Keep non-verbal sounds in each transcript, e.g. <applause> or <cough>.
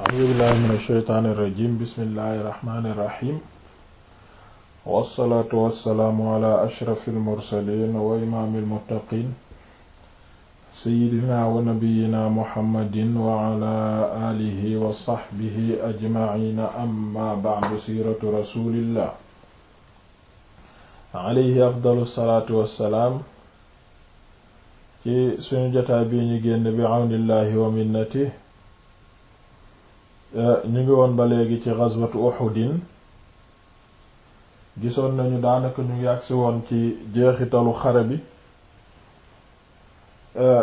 auzubillahi min asheytaani irrajim bismillahi irrahmani irrahim wassalaatu wassalaamu ala ashrafi almursalin wa imaami almuttaqin seyidina wa nabiyina muhammadin wa ala alihi wa saxbihi ajmaina amma ba'du siiratu rasulillah alayhi afdalu salaatu wassalaam ci suñu jotaay bi ñu génn bi awnillahi wa minnati Euh, ñu ngi woon ba léegi ci ghazwatu Uhudin gisoon nañu daanaka ñu ngi agsi woon ci jeexitalu xare bi euh,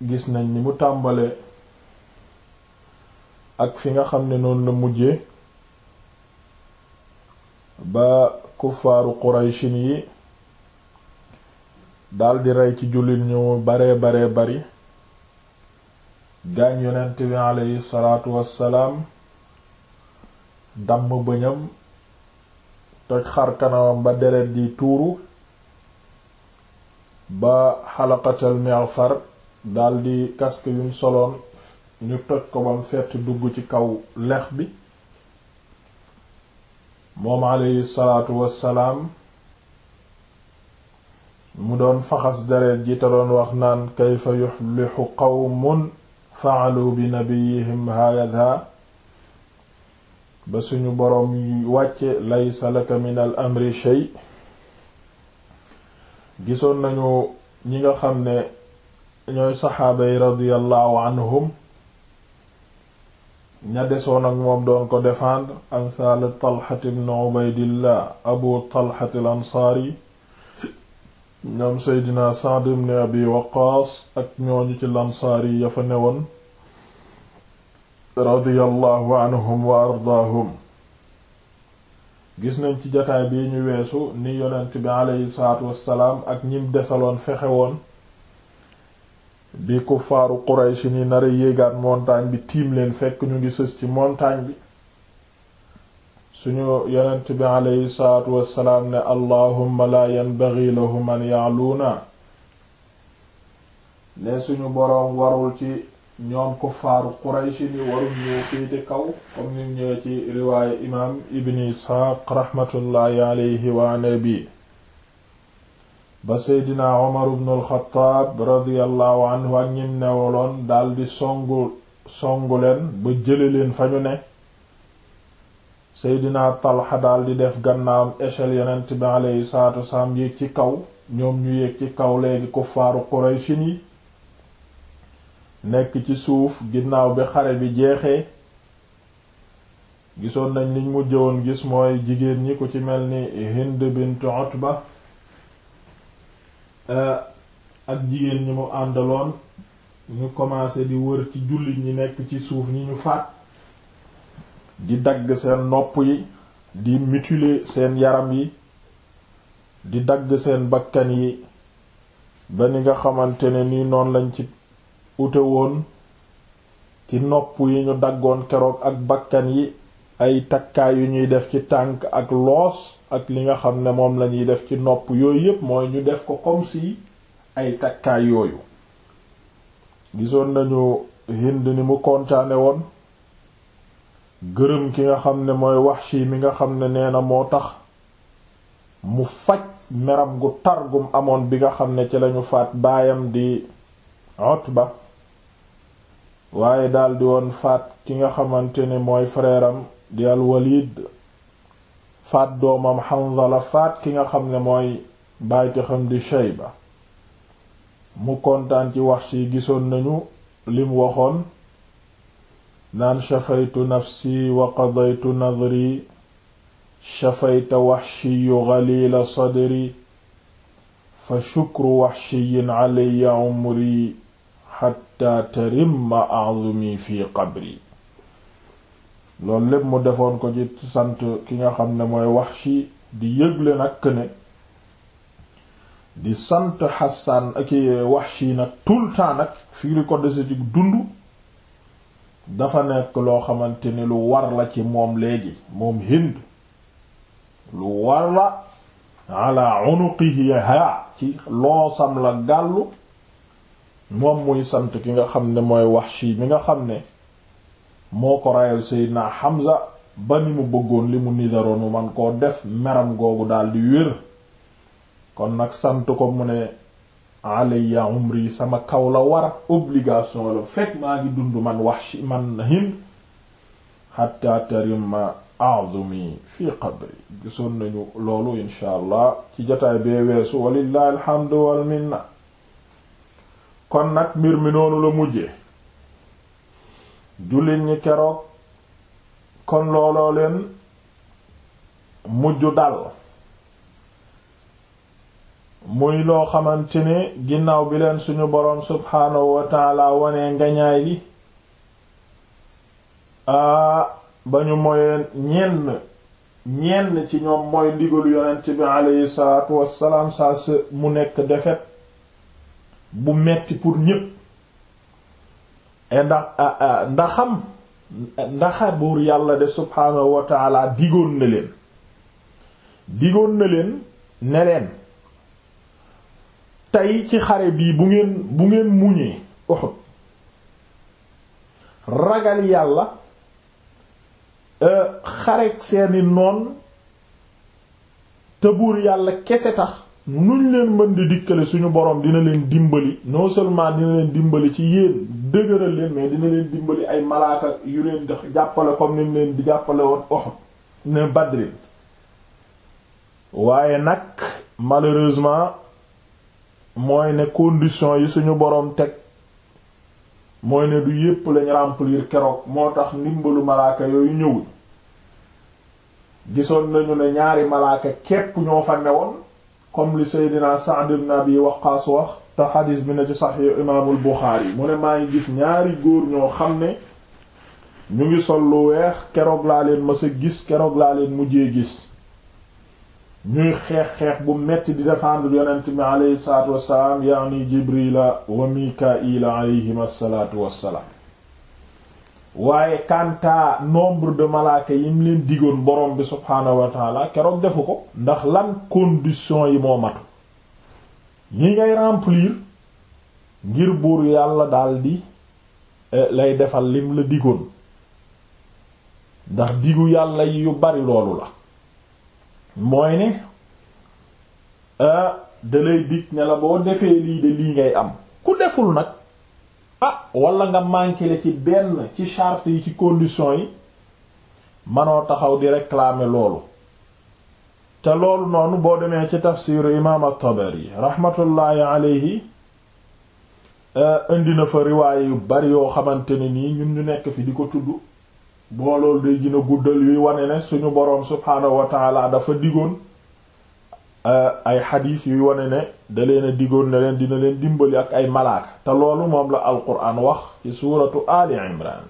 gis nañ ni mu tàmbale ak fi nga xam ne noonu la mujje ba kuffaaru Qurayshin yi daldi rey ci jullit ñu bare bare bari gaañ yonent bi aleyhi salaatu wassalaam damm bëñam toj xar kanamam ba deret di tuuru ba xalaqatal mighfar daldi casque bi soloon ñu toj ko bam fett dugg ci kaw lex bi moom aleyhi salaatu wassalaam mu doon faxas deret ji te doon wax naan kayfa kaw qawmun faalu bi nabiyihim haada ba suñu boroom wàcce laysa laka min al amri shay gisoon nañu ñi nga xam ne ñooy saxaaba yi radiyallahu anhum ña desoon ak moom doon ko défendre amsaal talxat ibn ubaydillah abu talxat al ansaari ñoom seydina Sa'd ibn Abi Waqqaas ak ñooñu ci lansaar yi ya newoon radiyallahu anhum wa ardaahum gis nañ ci jataay bi ñu weesu ni yonent bi aleyhi salaatu wassalaam ak ñim desaloon fexe woon bi kuffaaru Quraysh ni nara yéegaat montagne bi tiim leen fekk ñu ngi sës ci montagne bi suñu yonent bi aleyhi salaatu wassalaam ne allahumma la yanbaghi lahum an ya'luna ne suñu boroom warul ci ñoom kuffaaru qurayshi ni warul ñëw féete kaw comme ni ñëwee ci riwaaya imaam ibni isxaaq raxmatullaahi aleyhi wa ba seydina omar ibn alxataab radiallahu anhu ak ñim newoloon daldi songu songu leen ba jële leen fa ñu ne seydina talxa daal di def gannaawam échelle yonent bi aleyhi salatu wasalaam yéeg ci kaw ñoom ñu yéeg ci kaw léegi faaru quraychin yi nekk ci suuf ginnaaw bi xare bi jeexee gisoon nañ liñ mujj woon gis mooy jigéen ñi ku ci mel ni hind bint ba eh, ak jigéen ñi mu àndaloon ñu commencé di wër ci jullit ñi nekk ci suuf ñi ñu faat di dagg seen nopp yi di mutiler seen yaram yi di dagg seen bakkan yi ba ni nga xamante ne ni noonu lañ ci ute woon ci nopp yi ñu daggoon keroog ak bakkan yi ay takkaay yu ñuy def ci tànk ak loos ak li nga xam ne moom lañuy def ci nopp yooyu yépp mooy ñu def ko comme si ay takkaay yooyu gisoon nañu Hind ni mu kontaane woon gërëm ki nga xam ne mooy Wahshi mi nga xam ne nee na moo tax mu faj meram gu targum amoon bi nga xam ne ci lañu faat baayam di Utba waaye daldi woon faat ki nga xamante ne mooy frère am di al-Walid faat doomam Hanzala faat ki nga xam ne mooy bàyti xam di ba mu kontaan ci wax Wahshi gisoon nañu lim waxoon naan shafaytu nafsi wa qadaytu nadri shafayta waxshiyu galiila sadri fa shukru waxshiyin calaya umri xatta tarimma azumi fi qabri loolu lépp mu defoon ko ci sant ki nga xam ne mooy waxshi di yëgle nag ne di sant xasaan ak waxshi nag tout le temps nag fii li ko dese ci dund dafa nekk loo xamante ni lu war la ci moom léegi moom hind lu war la ala unuqihi ha ci loosam la gàllu moom muy sant ki nga xam ne mooy wax Wahshi mi nga xam ne moo ko rayal Seydina Hamza ba ni mu bëggoon li mu nidaroonu man koo def meram googu di wér kon nag sant ko mu ne alayya sama kaw la war obligation la fekk maa ngi dund man Wahshi man Hind hatta tarima azumi fi qabri gisoon nañu loolu insha allah ci jotaay bee weesu walillahi alhamdu wal kon nag mbir mi noonu la mujjee jullit ñi keroog kon looloo leen mujj dal muy loo xamante ne ginnaaw bi leen suñu boroom subhaanahu wa taala wanee ngañaay li ba ñu moyee ñenn ñenn ci ñoom mooy digalu yonent bi aleyhi salaatu wassalaam saa sa mu nekk defet bu metti pour ñépp ndax ndaxam ndaxa buur yàlla de subhaanahu wa taala digoon na leen digoon na leen ne leen tey ci xare bii bu ngeen bu ngeen muñee Uhud ragal yàlla euh, xarek seeni noon te buur yàlla kese tax nuñ leen mën di dikkale suñu borom dina leen dimbali non seulement dina leen dimbali ci yéen dëgëral leen mais dina leen dimbali ay malaaka yu leen di jàppale comme ni leen di jàppale woon Uhud ne Badrin waaye nag malheureusement mooy ne condition yi suñu boroom teg mooy ne du yépp lañ remplir keroog moo tax ndimbalu malaaka yooyu ñëwuñ gisoon nañu ne ñaari malaaka képp ñoo fa newoon comme li Seydina Sa'd ibn Abi Waqqas wax te xadis bi na ci Sahih Imaamul Buxaari mu ne maa ngi gis ñaari góor ñoo xam ne ñu ngi sol lu weex keroog laa leen mës a gis keroog laa leen mujjee gis ñuy xeex-xeex bu metti di défendre yonent bi aleyhi salatu wassalaam yaani jibrila wa mikaila aleyhim assalatu wassalaam waaye kanta nombre de malaaka yim leen digoon borom bi subhaanahu wa taala keroog defu ko ndax lan condition yi moo matu ñi ngay remplir ngir buur yàlla daldi eh, lay defal lim la digoon ndax digu yàlla yi yu bari loolu la mooy ne da lay ne la boo defee lii de lii ngay am ku deful nag a wala nga manqué ci benn ci charte yi ci condition yi manoo taxaw di réclamer loolu te loolu noonu boo demee ci tafsiru imaam at-Tabari rahmatullaahi alayhi indi na fa riwaay yu bari yoo xamante ne nii ñun ñu nekk fi di ko tudd boo loolu day gën guddal yuy wane ne suñu boroom subhaanahu wa dafa digoon eh, ay xadiis yuy wane ne da leen a digoon ne leen dina leen dimbali ak ay malaaka te loolu moom la alquran wax ci suuratu ali imran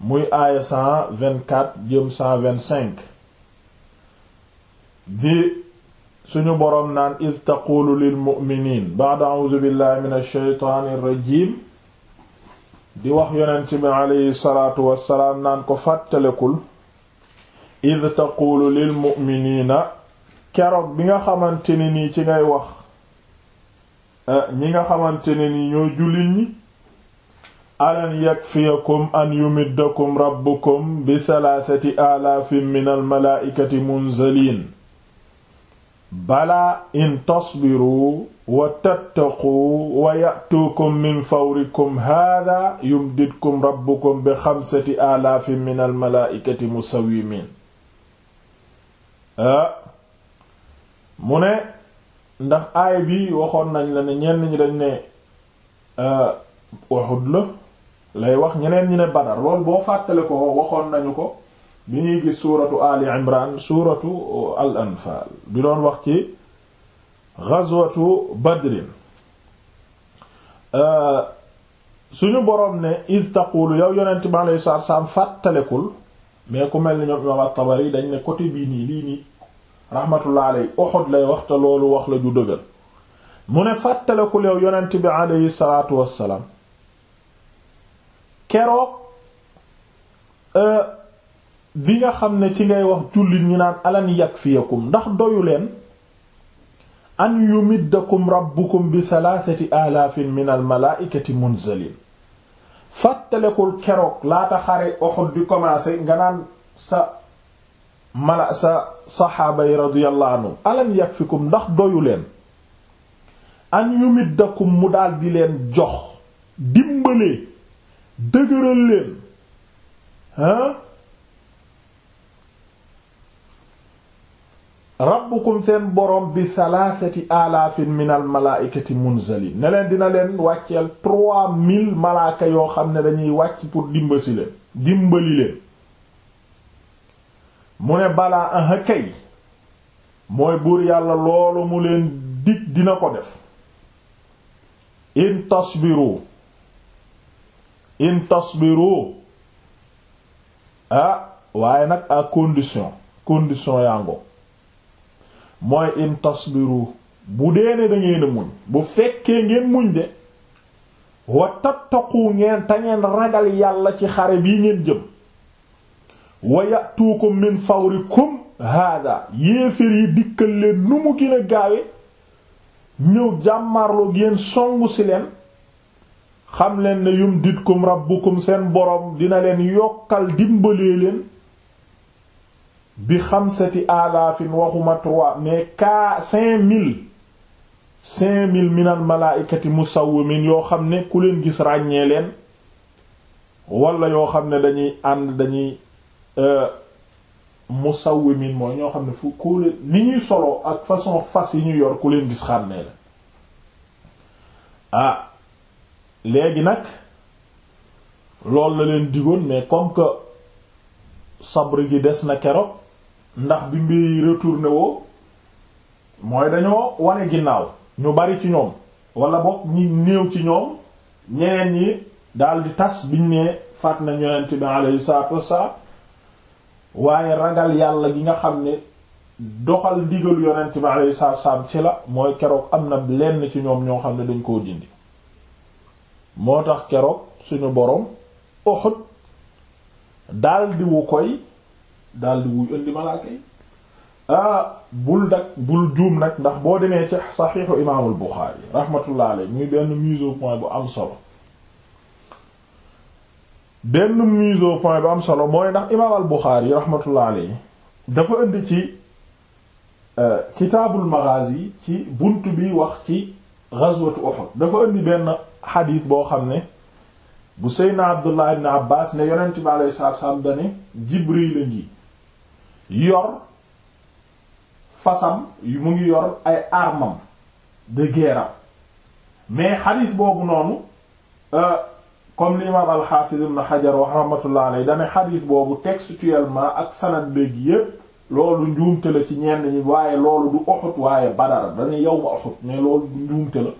muy aaya 124 jëm 125 bi suñu boroom naan iz taqulu lil mu'minin ba'da a'udhu billahi minash shaytaanir rajiim di wax yonent bi aleyhi salaatu wassalaam naan ko fàttalekul id taqulu lil mu'minina keroog bi nga xamante ne nii ci ngay wax eh, ñi nga xamante ne nii ñoo jullit ñi alan yakfiyakum an yumiddakum rabbukum bi salaasati alaafin min almalaaikati munzaliin bala in tasbiru wa tattaqu wa ya'tuukum min fawrikum hada yumdidkum rabbukum bi xamsati alaafin min almalaaikati musawwimin ah, mu ne ndax aay bi waxoon nañ la ne ñenn ñi dañ ne ah, Uhud la lay wax ñeneen ñi ne Badar loolu boo fàttale ko waxoon nañu ko bi ñuy gis suuratu Ali Imran suuratu al anfaal bi doon wax ci ghazwatu badrin euh, suñu boroom ne iz taqulu yow yonent bi alayhi salaatu salaam fàttalekul mais ku mel ni ñoom imaam at-Tabari dañ ne côté bii nii lii nii rahmatullah alayhi Uhud lay wax te loolu wax la ju dëggal mu ne fàttalekul yow yonent bi alayhi salaatu wassalaam keroog euh, bi nga xam ne ci ngay wax jullit ñi naan alan yakfiyakum ndax doyu leen an yumiddakum rabbukum bi thalathati alaafin min al malaikati munzalin fàttalekul keroog laata xare Uhud di commencé nga naan sa mala sa saxaaba yi radiyallahu anhu alan yakfikum ndax doyu leen an yumiddakum mu daldi leen jox dimbalee dëgëral leen rabbukum seen borom bi salaasati alaafin minal malaayikati munzalin ne leen dina leen wàcceel trois mille malaaka yoo xam ne dañuy wàcc pour dimbasi leen dimbali leen mu ne balaa aha kay mooy buur yàlla loolu mu leen dig dina ko def in tasbiru in tasbiru ah waaye nag à condition condition yaa ngo mooy in tasbiru bu dee ne da a muñ bu fekkee ngeen muñ de wa tattaqu ngeen te ragal yàlla ci xare bi ngeen jëm wa yatuukum min fawrikum haada yéeféer yi dikkal leen nu mu gën a gaawe ñëw jàmmarloog yéen songu si leen xam leen ne yum ditkum rabbukum seen boroom dina leen yokkal dimbalee leen bi xamsati alaafin waxuma trois mais kaa cinq mille cinq mille minal malaaykati musawwimin yoo xam ne ku leen gis ràññee leen wala yoo xam ne dañuy ànd dañuy euh, musawwimin mooy ñoo xam ne fu ku leen ni ñuy solo ak façon fas yi ñu yor ku leen gis xàmmee la ah léegi nag loolu la leen digoon mais comme sabre gi des na keroog ndax bi mbiri retourné woo mooy dañoo wane ginnaaw ñu bari ci ñoom walla bokk ñi néew ci ñoom ñeneen ñi daldi tas biñ ne faat na bi alayhi salaatu wassalaam waaye ragal yàlla gi nga xam ne doxal digalu yonent bi alayhi ci la mooy keroog am na lenn ci ñoom ñoo xam ne dañ koo dindi moo tax keroog suñu boroom Uhud daldi koy daal di wuy indi malaaka yi ah bul dak bul juum nag ndax boo demee ci saxiixu imaamul Buxaari rahmatullah alayhi muy benn mise au point bu am solo benn mise au point bu am solo mooy ndax imaamal Buxaari rahmatullah alayhi dafa indi ci eh, kitaabul yi ci bunt bi wax ci ghazwatu Uhud dafa indi benn xadiis boo xam ne bu Seydina Abdullah ibn Abbas ne yonent bi alayhi salaatu wa salaam dane Jibriil a ngi yor fasam mu ngi yor ay armam de guerre mais xadiis boobu noonu euh, comme l'imam al-Hafiz na xajar wa rahmatullah alayhi dane xadiis boobu textuellement ak sanad beeg yépp loolu njuumte la ci ñeen ñi waaye loolu du Uhud waaye Badar dane yawma Uhud mais loolu njuumte la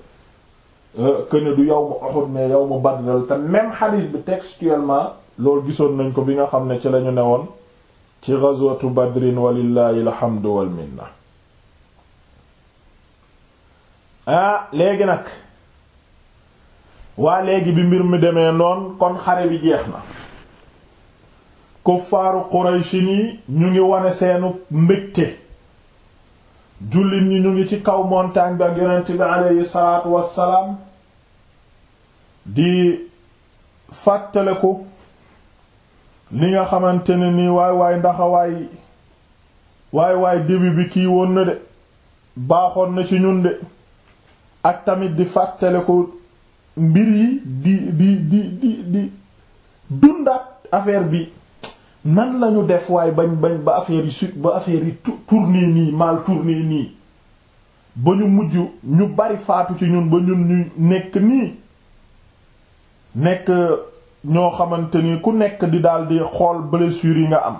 euh, que ne du yawma Uhud mais yawma Badar te même xadiis bi textuellement loolu gisoon nañ ko bi nga xam ne ci la ñu woon ci ghazwatu badrin walillaahi alhamdu wal minna ah léegi nag waa léegi bi mbir mi demee noon kon xare bi jeex na kuffaaru qurayshi ni ñu ngi wane seenu mbégte jullit ñi ñu ngi ci kaw montagne bi ak yonent bi aleyhi salaatu wassalaam di fàttaliku li nga xamante ne nii waay waay ndaxa waay waay waay début bi kii woon na de baaxoon na ci ñun de ak tamit di fàttale ko mbir yi di di di di di dundaat affaire bi nan lañu def waay bañ bañ ba affaire yi sut ba affaire yi tourné nii mal tourné nii ba ñu mujj ñu bari faatu ci ñun ba ñun ñu nekk nii nekk ñoo xamante ni ku nekk di daldi xool blessure yi nga am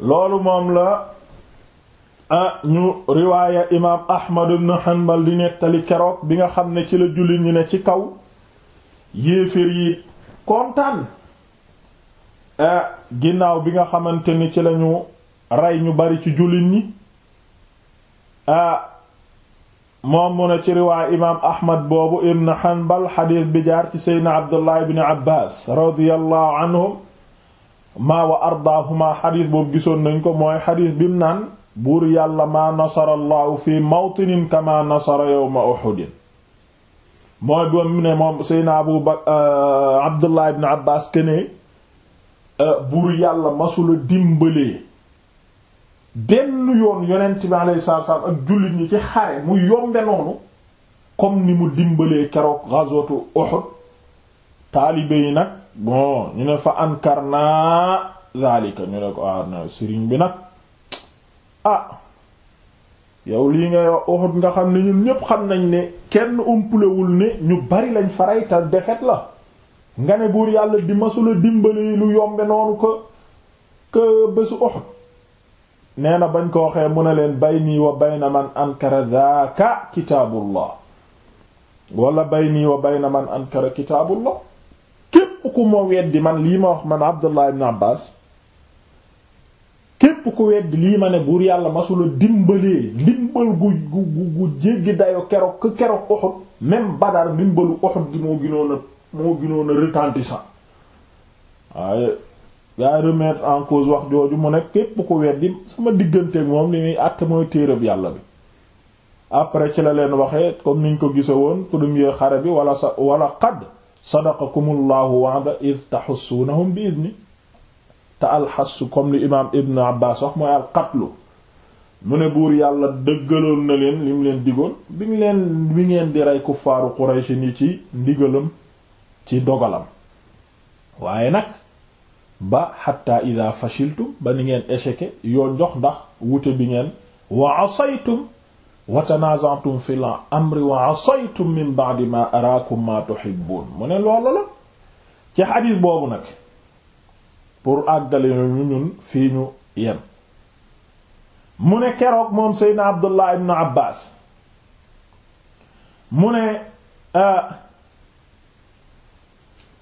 loolu moom la ah ñu riwaaya imaam Ahmad ibn Hanbal di nettali keroog bi nga xam ne ci la julli ñi ne ci kaw yéeféer yi kontaan ah ginnaaw bi nga xamante ni ci lañu rey ñu bari ci jullit ñi ah moom mu ne ci riwaay imaam ahmad boobu ibn hanbal xadiis bi jaar ci seydna abdullah ibn abbas radiyallahu anhum maa wa ardaahuma xadiis boobu gisoon nañ ko mooy xadiis bim naan buur yàlla maa nasara allahu fi mawtinin kama nasara yawma uhudin mooy boobu ne moom seydna abu ba abdullah ibn abbas këne buur yàlla masula dimbalee benn yoon yonent bi alayhi salaatu wasallam ak jullit ñi ci xare mu yombe noonu comme ni mu dimbalee keroog ghazwatu Uhud taalibe yi nag bon ñu ne fa ankarna zalika ñu ne ko ah na bi nag ah yow lii ngay wax nga xam ne ñun ñépp xam nañ ne kenn umpulewul ni ñu bari lañ faray te defet la nga ne buur yàlla di masula dimbali lu yombe noonu ko que bésu Uhud nee na bañ ko waxee mu ne leen bayni wa bayna man ankara daaka kitaabullah wala bayni bayna man ankara kitaabullah képp ku ma weddi man lii ma wax man Abdullah ibn Abbas képp ku weddi lii ma ne buur yàlla masula dimbalee dimbal gu gu gu jéggi dayo keroog ku keroog Badar dimbalu Uhud gi moo ginoon moo ginoon a waaye yaay remettre en cause wax jooju mu ne képp ko weddi sama digganteeg moom li muy àtte mooy téereb yàlla bi après ci la leen waxee comme niñ ko gise woon premier xare bi wala sa wala qad sadaqakumullahu wa'da id tahussunahum bi idni te alxassu comme li imaam ibn abbas wax mooy alqatlu mu ne buur yàlla dëggaloon na leen lim leen digoon bi leen bi ngeen di rey kuffaaru Quraysh ni ci ndigalam ci dogalam waaye nag ba xatta ida fashiltum ba ni ngeen échec yoo jox ndax wute bi ngeen wa asaytum wa tanaza'tum fil amri wa asaytum min ba'di ma araakum ma tuhibbun mu ne loolu la ci xadiis boobu nag pour àggale ñu ñun fii ñu yem mu ne keroog moom seydna abdullah ibnu abbaas mu ne euh,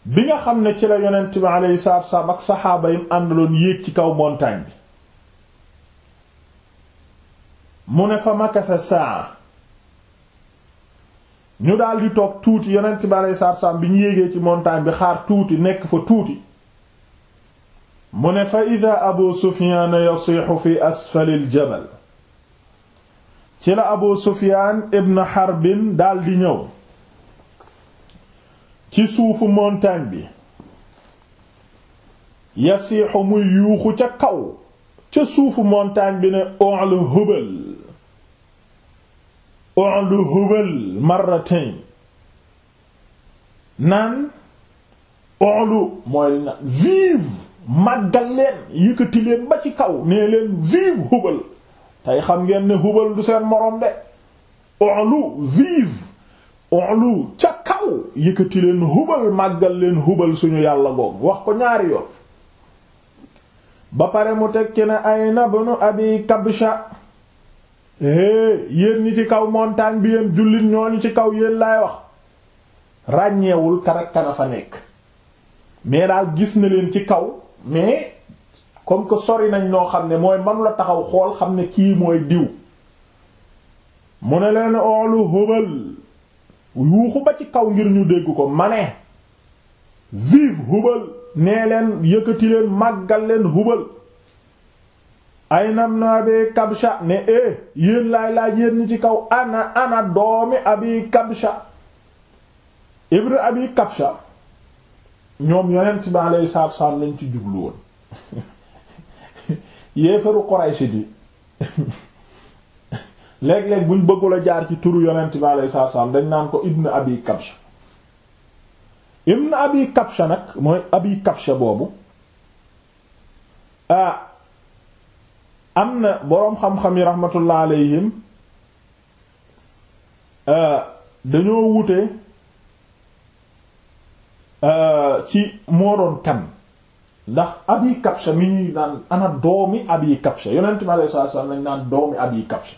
bi nga xam ne ci la yonent bi alayhi salaatu wassalaam ak saxaaba yim àndaloon yéeg ci kaw montagne bi mu ne fa makase saa ñu daal di toog tuuti yonent bi alayhi salaatu wassalaam bi ñu yéegee ci montagne bi xaar tuuti nekk fa tuuti mu ne fa ida abu sufyaan yasiixu fi asfalil jabal ci la abu sufyaan ibn xarbin daal di ñëw ci suufu montagne bi yasiixu muy yuuxu ca kaw ca suufu montagne bi ne onlu hubal onlu hubal marratain naan onlu mooy naan vive màggal leen yëkkati leen ba ci kaw nee leen vive hubal tey xam ngeen ne hubal du seen moroom de onlu vive onlu ca gaaw yëkkati leen hubal màggal leen hubal suñu yàlla googu wax ko ñaari yoon ba pare mu teg ci ne ay nabnu abi kabsha hé yéen ñi ci kaw montagne bi yéen jullit ñooñu ci kaw yéen laay wax ràññeewul karak fa nekk mais daal gis na leen ci kaw mais comme que sori nañ loo xam ne mooy manu la taxaw xool xam ne kii mooy diw mu ne leen oolu hubal yuuxu ba ci kaw ngir ñu dégg ko ma ne vive hubal nee leen yëkkati leen màggal leen hubal ay nam na abi kabsha ne eh yéen laay laaj yéen ci kaw ana ana doomi abi kabsha ibra abi kabsha ñoom yonent ci alayhi salaatu salaam lañ ci jublu woon <laughs> yéefaru Quraysh di <laughs> léeg-léeg buñ bëggul a jaar ci turu yonent bi alayhi salaatu dañ naan ko ibn abi kabsha ibn abi kabsha nag mooy abi kabsha boobu ah, am na boroom xam-xam yi rahmatullah alayhim ah, dañoo wute ah, ci moo doon kan ndax abi kabsha mi ñuy naan ana doomi abi kabsha yonent bi alayhi salaatu salaam lañ naan doomi abi kabsha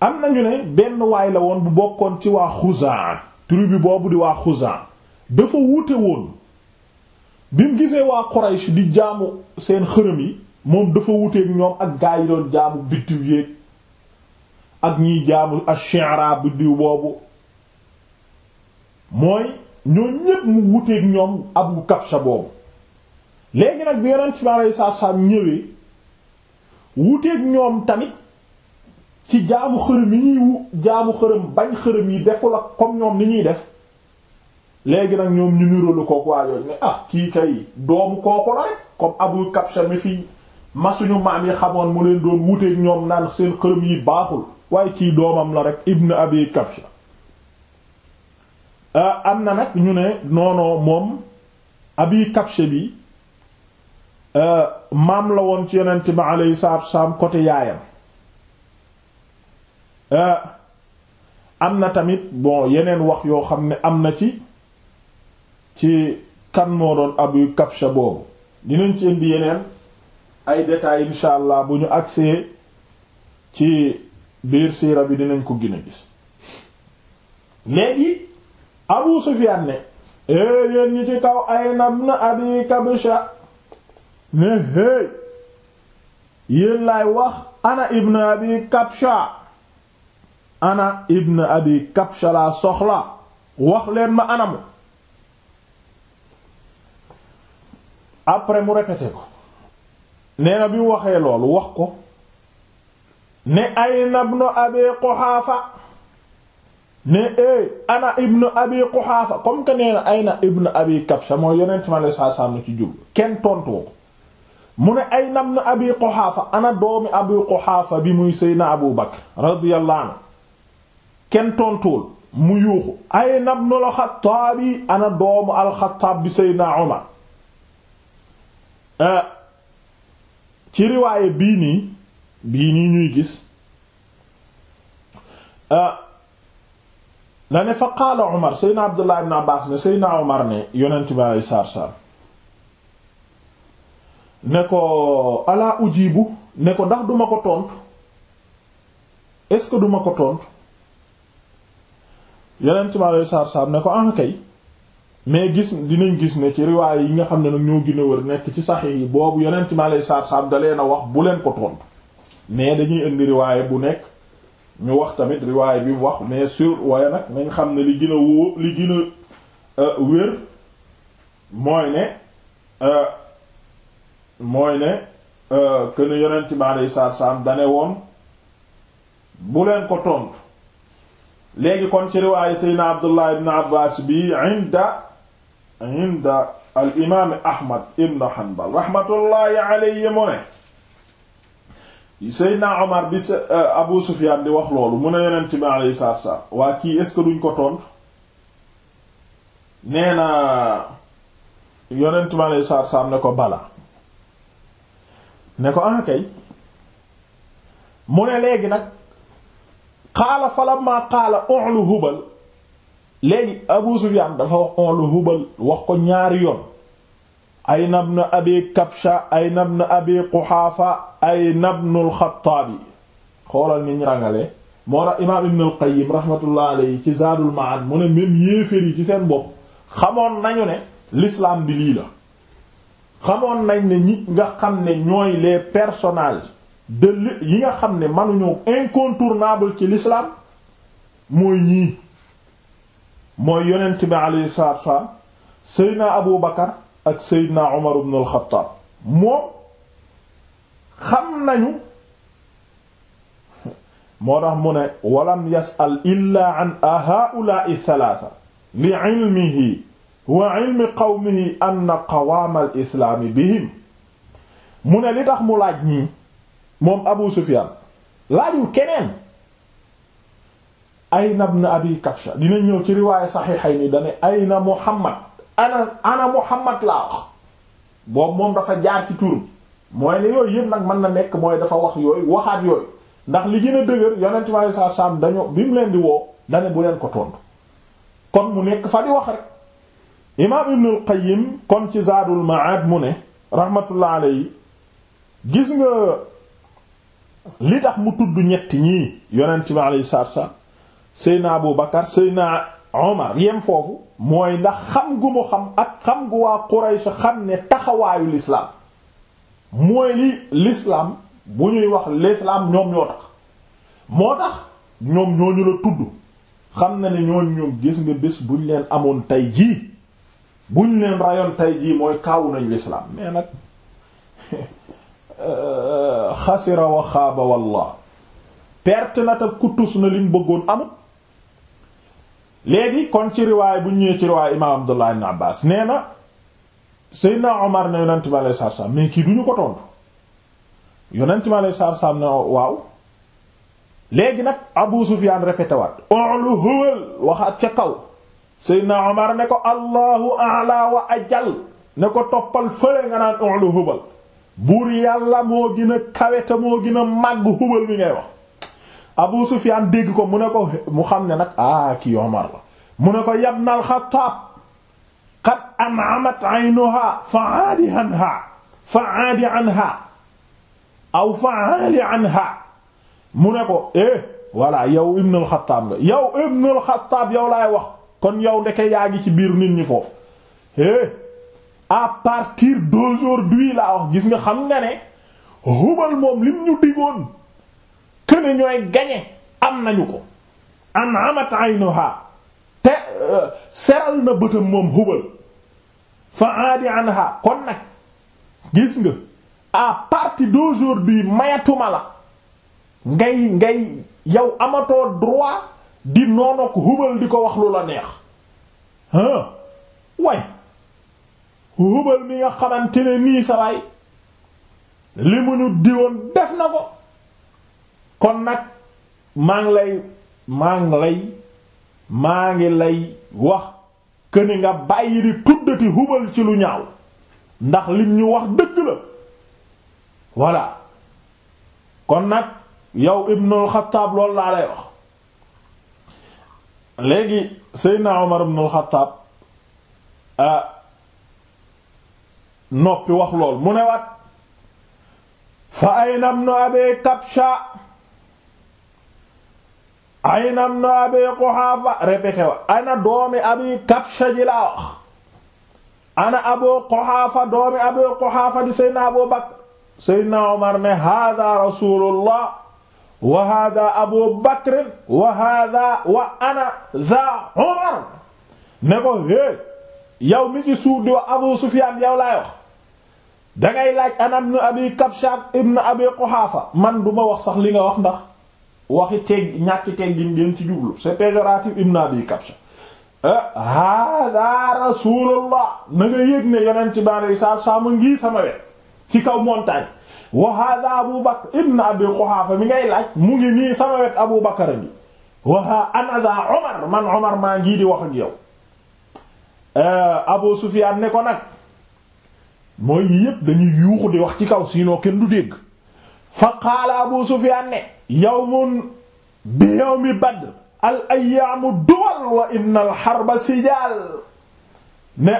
am nañu ne benn waay la woon bu bokkoon ci waa Xuzaa tribu boobu di waa Xuzaa dafa wuute woon bim gisee waa Quraysh di jaamu seen xërëm yi moom dafa wuuteeg ñoom ak gaa yi doon jaamu biddiw yéeg ak ñiy jaamu ash biddiw boobu mooy ñoo ñépp mu wuuteeg ñoom Abu Kabsha boobu léegi nag bi Yonent bi alayhi salaatu salaam ñëwee wuuteeg ñoom tamit ci jaamu xërëm yi ñuy jaamu xërëm bañ xërëm yi deful ak comme ñoom ni ñuy def léegi nag ñoom ñu niroolu kook waa yooyu ne ah kii kay doomu kooku la rek comme Abu Kabsha mi fi masuñu maam yi xamoon mu leen doon wuteeg ñoom naan seen xërëm yi baaxul waaye kii doomam la rek Ibn Abi Kabsha ah, am na nag ñu ne noonoo moom Abi Kabsha bi ah, maam la woon ci yonent bi alayhi salaatu wa salaam côté yaayam Ah, am na tamit bon yeneen wax yoo xam ne am na ci ci kan moo doon abu kabsha boobu dinañ ci indi yeneen ay détails insha allah bu ñu agsee ci biir siira bi dinañ ko gën a gis léegi abu sufyan ne eh ñi ci kaw ay nab na kabsha ne hey yéen laay wax ana ibn abi kabsha ana ibn abi kabsha laa soxla wax leen ma anamu après mu répété ko nee na bi waxee loolu wax ko ne ay ibn abi quhaafa ne eh ana ibn abi quhaafa comme que nee na ayna ibn abi kabsha moo yonent ma le saa saam na ci jub kenn tontoo ko mu ne ay ibn abi quhaafa ana doomi abi quhaafa bi muy seyna abu bakr radiyallahu anhu kenn tontuwul mu yuuxu ay nabnul xataabi ana doomu alxataab bi seydna Umar eh, ci riwaaye bii nii bii nii ñuy gis na eh, ne fa qaala Umar seydna Abdullah ibn Abbaas ne seydna Umar ne yonent bi alay saar saar ne ko alaa ujibu ne ko ndax duma ko tontu est duma ko tontu yeneen mi aleyi saatu salaam ne ko ah kay mais gis dinañ gis ne ci riwaay yi nga xam ne nag ñoo gën a nekk ci saxix yi boobu yeneen mi aleyi saatu salaam da wax bu ko tontu dañuy indi bu nekk ñu wax tamit riwaay bi wax mais sur waaye nag nañ xam ne li gën li gën a euh, wér mooy ne dane euh, euh, woon bu leen ko tontu léegi kon ci riwaayu seydna abdullah ibn abbas bi inda inda ahmad ibn hanbal rahmatullahi alayhi mu ne seydna omar bi eh, abu sufyan di wax loolu mu ne yonent bi alayhi salaatu waa kii est ko tontu nee na yonent bi alayhi salaatu ne ko bala ne ko ah kay mu ne léegi nag xaala falamma xaala onlu hubal léegi Abu Sufyaan dafa wax onlu hubal wax ko ñaari yoon ay nab na abi kabsha ay nab na abi quxaafa ay nab nul xataabi xoolal niñ rangale moo tax imaam ibnul qayyim raxmatullah alayhi ci zaadul ma'ad mu ne même yéeféer ci seen bopp xamoon nañu ne l'islam bi lii la xamoon nañ ne ñi nga xam ne ñooy les personnages de li yi nga xam ne manuñoo incontournable ci l'islam mooy ñii mooy yonent bi alayhi salaatu wassalaam seydna abu bakar ak seydna umar ibn al-Khattab moom xam nañu moo tax mu ne walam yasal illa an haa'ulaa'i thalaatha li ilmihi wa ilmi qawmihi anna qawaama al islaami bihim mu ne li tax mu laaj ñii moom Abu Sufyan laajul keneen ayna ibn abi kabsha dina ñëw ci riwaaye saxiixay ni dane ayna Muhammad ana ana Muhammad laa wax boobu moom dafa jaar ci turum mooy ne yooyu yëpp nag mën na nekk mooy dafa wax yooyu waxaat yooyu ndax li gën a dëgër yonent bi sallallahu alayhi dañoo bi mu leen di woo dane bu leen ko tontu kon mu nekk fa di wax rek imaam Ibn al kon ci Zaadul Ma'aad mu ne rahmatullah alayhi gis nga li tax mu tudd ñetti ñii yonent bi alayhi salaatu salaam Seyna Abu Bakar Seyna Omar yem foofu mooy ndax xam gu mu xam ak xam gu waa Quraysh xam ne taxawaayu l'islam mooy li l'islam bu ñuy wax l'islam ñoom ñoo tax moo tax ñoom ñooñu la tudd xam na ne ñooñu ñoom gis nga bés buñ leen amoon tey jii buñ leen rayoon tey jii mooy kaawu nañ l'islam mais nag. Euh, xasira wa xaaba wallah perte na te kuttus na liñ bëggoon amut léegi kon ci riwaay bu ñëwee ci riwaay imaam Abdullah ibn Abbas nee na Seydina Omar ne yonent bi alayhi salaatu salaam mais kii duñu ko tontu yonent bi alayhi salaatu salaam ne waaw léegi nag Abu Sufyaan répété waat olu hëwal waxaat ca kaw Seydina Omar ne ko allahu ala wa ajal ne ko toppal fële nga naan olu hëbal buur yàlla moo gën a kawe te moo gën a màgg hubal ngay wax Abu Sufyaan dégg ko mu ne ko mu xam ne nag ah ki Omar la mu ne ko yabna al-Xattaab qad an'amat aynuha fa'aadi anha fa'aadi anha aw fa'aali anha mu ne ko eh voilà yow Ibn al-Xattaab nga yow Ibn al wax kon yow ndeke yaa ngi ci biir nit ñi foofu eh à partir d'aujourd'hui laa wax gis nga xam nga ne Hubal moom lim ñu digoon que ne ñooy gañe am nañu ko an amat aynuha te euh, seral na bëtam moom Hubal fa aadi anha kon nag gis nga à partir d'aujourd'hui mayatuma la ngay ngay yow amatoo droit di noonook Hubal di ko wax lu la neex way hubal mi nga xamante ne nii sawaay li mu ñu diwoon def na ko kon nag maa ngi lay maa ngi lay maa ngi lay wax këni nga bàyyi di tuddati hubal ci lu ñaaw ndax lim ñu wax dëgg la voilà kon nag yow ibnul xataab loolu laa lay wax léegi seydna Umar ibnul xataab ah, noppi wax lool mu ne waat fa ayna ibnu abi kabsha ayna ibnu abi quhafa répété ana doomi abi kabsha ji ana abu quhafa doomi abu quhafa di seydna abu bakr seydna omar ne hada rasulullah wa hada abu bakr wa hada wa ana za omar ne ko hé yow mi ci suuf sufyan yow dangay laaj anam ibn abi kabshak ibn abi quhafa man duma wax sax li nga wax ndax waxi teg ñàkki teggin ngeen ci jublu c'est péjoratif ibn abi kabshak ah, hada rasulullah na nga ne yonent ci baan saab saa ngi sama wet ci kaw montagne wa hada abu bakr ibn abi quhafa mi ngay laaj mu ngi nii sama wet abu bakar a ngi wa ana za omar man omar maa ngi di wax ak yow ah, abu sufyan ne ko nag mooy yii yépp dañuy yuuxu di wax ci kaw sinon kenn du dégg fa qaala abu sufyaan ne yawmun bi yawmi badr al ayyaamu duwal wa inna al harba sijaal ne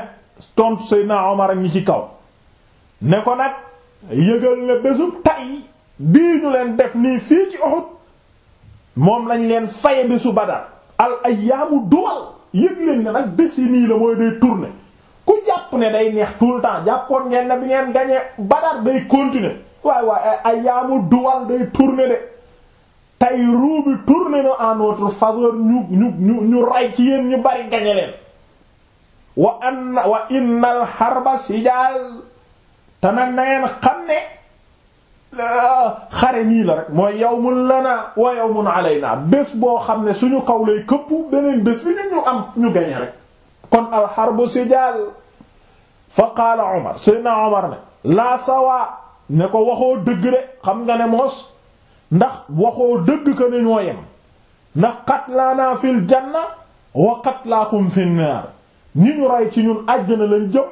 tontu seydna omar ak ñi ci kaw ne ko nag yëgal ne bésub tay bii ñu leen def nii fii ci Uhud moom lañ leen faye bésu badar al ayyaamu duwal yëg leen ne nag bés yi nii la day tourner ku jàpp ne day neex tout le temps jàppoon ngeen ne bi ngeen gañee Badar day continuer waaye waaye ay yaamu duwal day tourner de tey roue bi na en notre faveur ñu ñu ci yéen ñu bari gañe leen wa an wa innal harba sijaal te nag na ngeen xam ne ah, xare nii la rek mooy yawmun lana wa yawmun alayna bés boo xam ne suñu kaw lay këpp beneen bés bi ñu ñu am ñu gañe rek kon alxarbu sijaal fa qaala Omar Seydina Omar ne laa sawa ne ko waxoo dëgg de xam nga ne moos ndax waxoo dëgg ko ne ñoo yem ndax qatlaanaa fil janna wa qatlaakum fin naar ñi ñu rey ci ñun àjjana lañ jëm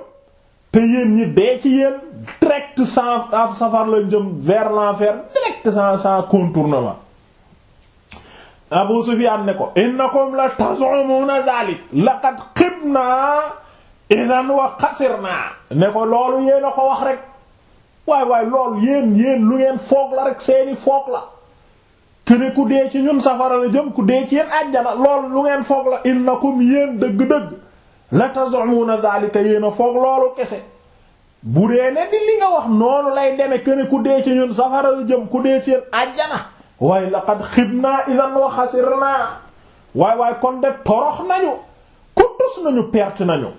te yéen ñi dee ci yéen direct sans safar lañ jëm vers l'enfer direct sans sans contournement Abu Sufyan ne ko innakum la tazumuna dhalik laqad naa idan wa xasirna ne ko loolu yéen a ko wax rek waay waay lool yéen yéen lu ngeen foog la rek seeni foog la kene ku dee ci ñun safara la jëm ku dee ci yéen àjjana loolu lu ngeen foog la innakum yéen dëgg-dëgg la tazumuna dhalika yéen a foog loolu kese bu dee ne di li nga wax noonu lay deme kene ku dee ci ñun safara la jëm ku dee ci yéen àjjana waaye laqad xibnaa idan wa xasirnaa waay waay kon de torox nañu kutus nañu perte nañu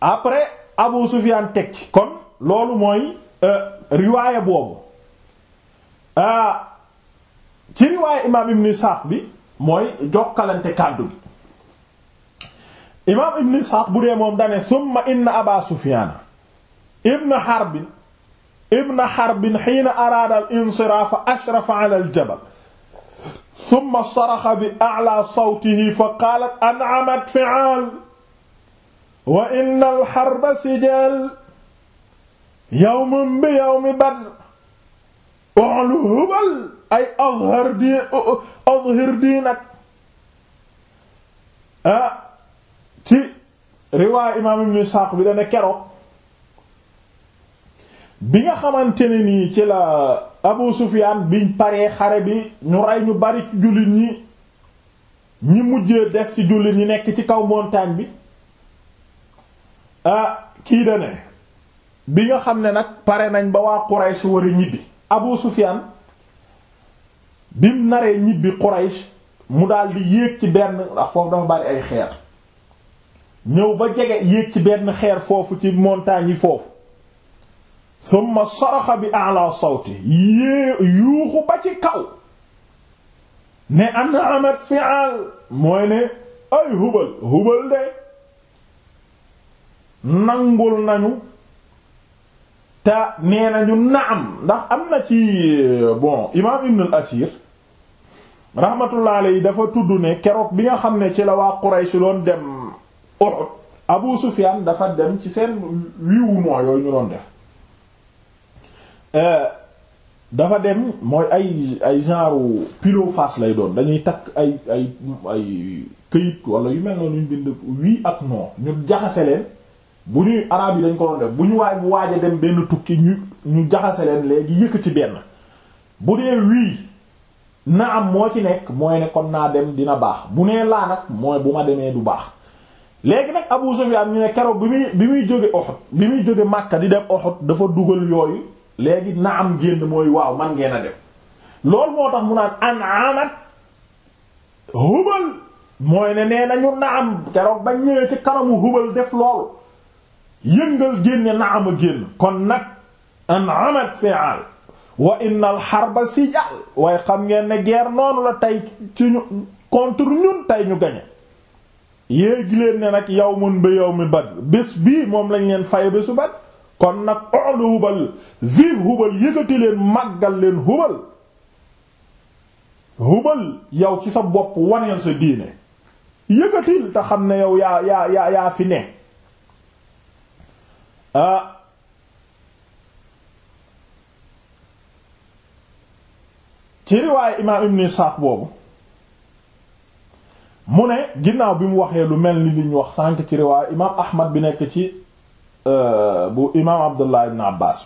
après Abu Sufyaan teg ci kon loolu mooy euh, riwaaya boobu ah ci riwaaya imaam Ibn Isaaq bi mooy jokkalante kàddu bi imaam Ibn Isaaq bu dee moom dane summa inna Aba Sufyaan ibn Harbin ibn Harbin hiina araada al-insiraafa ashrafa ala al-jabal thumma saraxa bi a'laa sawtihi fa qaalat an'amat fi'aal wa inna al-harba sijaal yawmun bi yawmi Badr a'lu Hubal ay azhar diin azhir diinak ah ci riwaaya imaam Ibn Isxaaq bi dana keroog bi nga xamante ne nii ci la Abu Sufyaan biñ paree xare bi ñu rey ñu bari ci jullit ñi ñi mujjee des ci jullit ñi nekk ci kaw montagne bi ah kii da ne bi nga xam ne nag pare nañ ba waa Quraysh war a ñibbi Abu Sufyaan bim naree ñibbi Quraysh mu daal yéeg ci benn ndax foofu dafa bari ay xeer ñëw ba jege yéeg ci benn xeer foofu ci montagne yi foofu thumma saraxa bi ala sawti yée yuuxu ba ci kaw ne an'amat fi'al mooy ne ay hubal hubal de nangul nañu te nee nañu am ndax am na ci bon imaam ibn al-Asir rahmatullah dafa tudd ne keroog bi nga xam ne ci la waa Quraysh doon dem Uhud Abu Sufyan dafa dem ci seen wiiwu moo yooyu ñu doon def Euh, dafa dem mooy ay ay genre pilo face lay doon dañuy takk ay ay ay këyit wala yu mel noonu ñu bind wii ak non ñu jaxase leen bu ñuy arab yi dañ ko doon def bu ñu waay mu waaj dem benn tukki ñu ñu jaxase leen léegi ci benn bu dee wii na am moo ci nekk mooy ne kon naa dem dina baax bu nee laa nag mooy bu ma demee du baax léegi nag Abu Sufyan ñu ne keroog bi muy bi muy jóge Uhud bi muy jóge Makka di dem Uhud dafa dugal yooyu léegi na am génn mooy waaw man ngeen a dem loolu moo tax mu naan an amat hubal mooy ne nee na nañu na am keroog bañ ñëwee ci kanamu hubal def lool yëngal génne na am a génn kon nag an amat fi'al wa inna al harba sijal waaye xam ngeen ne guerre noonu la tey ci ñu contre ñun tey ñu gañe yéegi leen ne nag yawmun bi yawmi Badr bés bii moom lañ leen fay bésu Badr kon nag olu hubal vive hubal yëkkati leen màggal leen hubal hubal yow ci sa bopp waneel sa diine yëkkatil te xam ne yow yaa yaa yaa yaa fi ne ah. ci riwaaye imaam ibn Isaaq boobu mu ne ginnaaw bi mu waxee lu mel ni liñ wax sànk ci riwaaye imaam Ahmad bi nekk ci Euh, bu imaam abdullah ibn abbas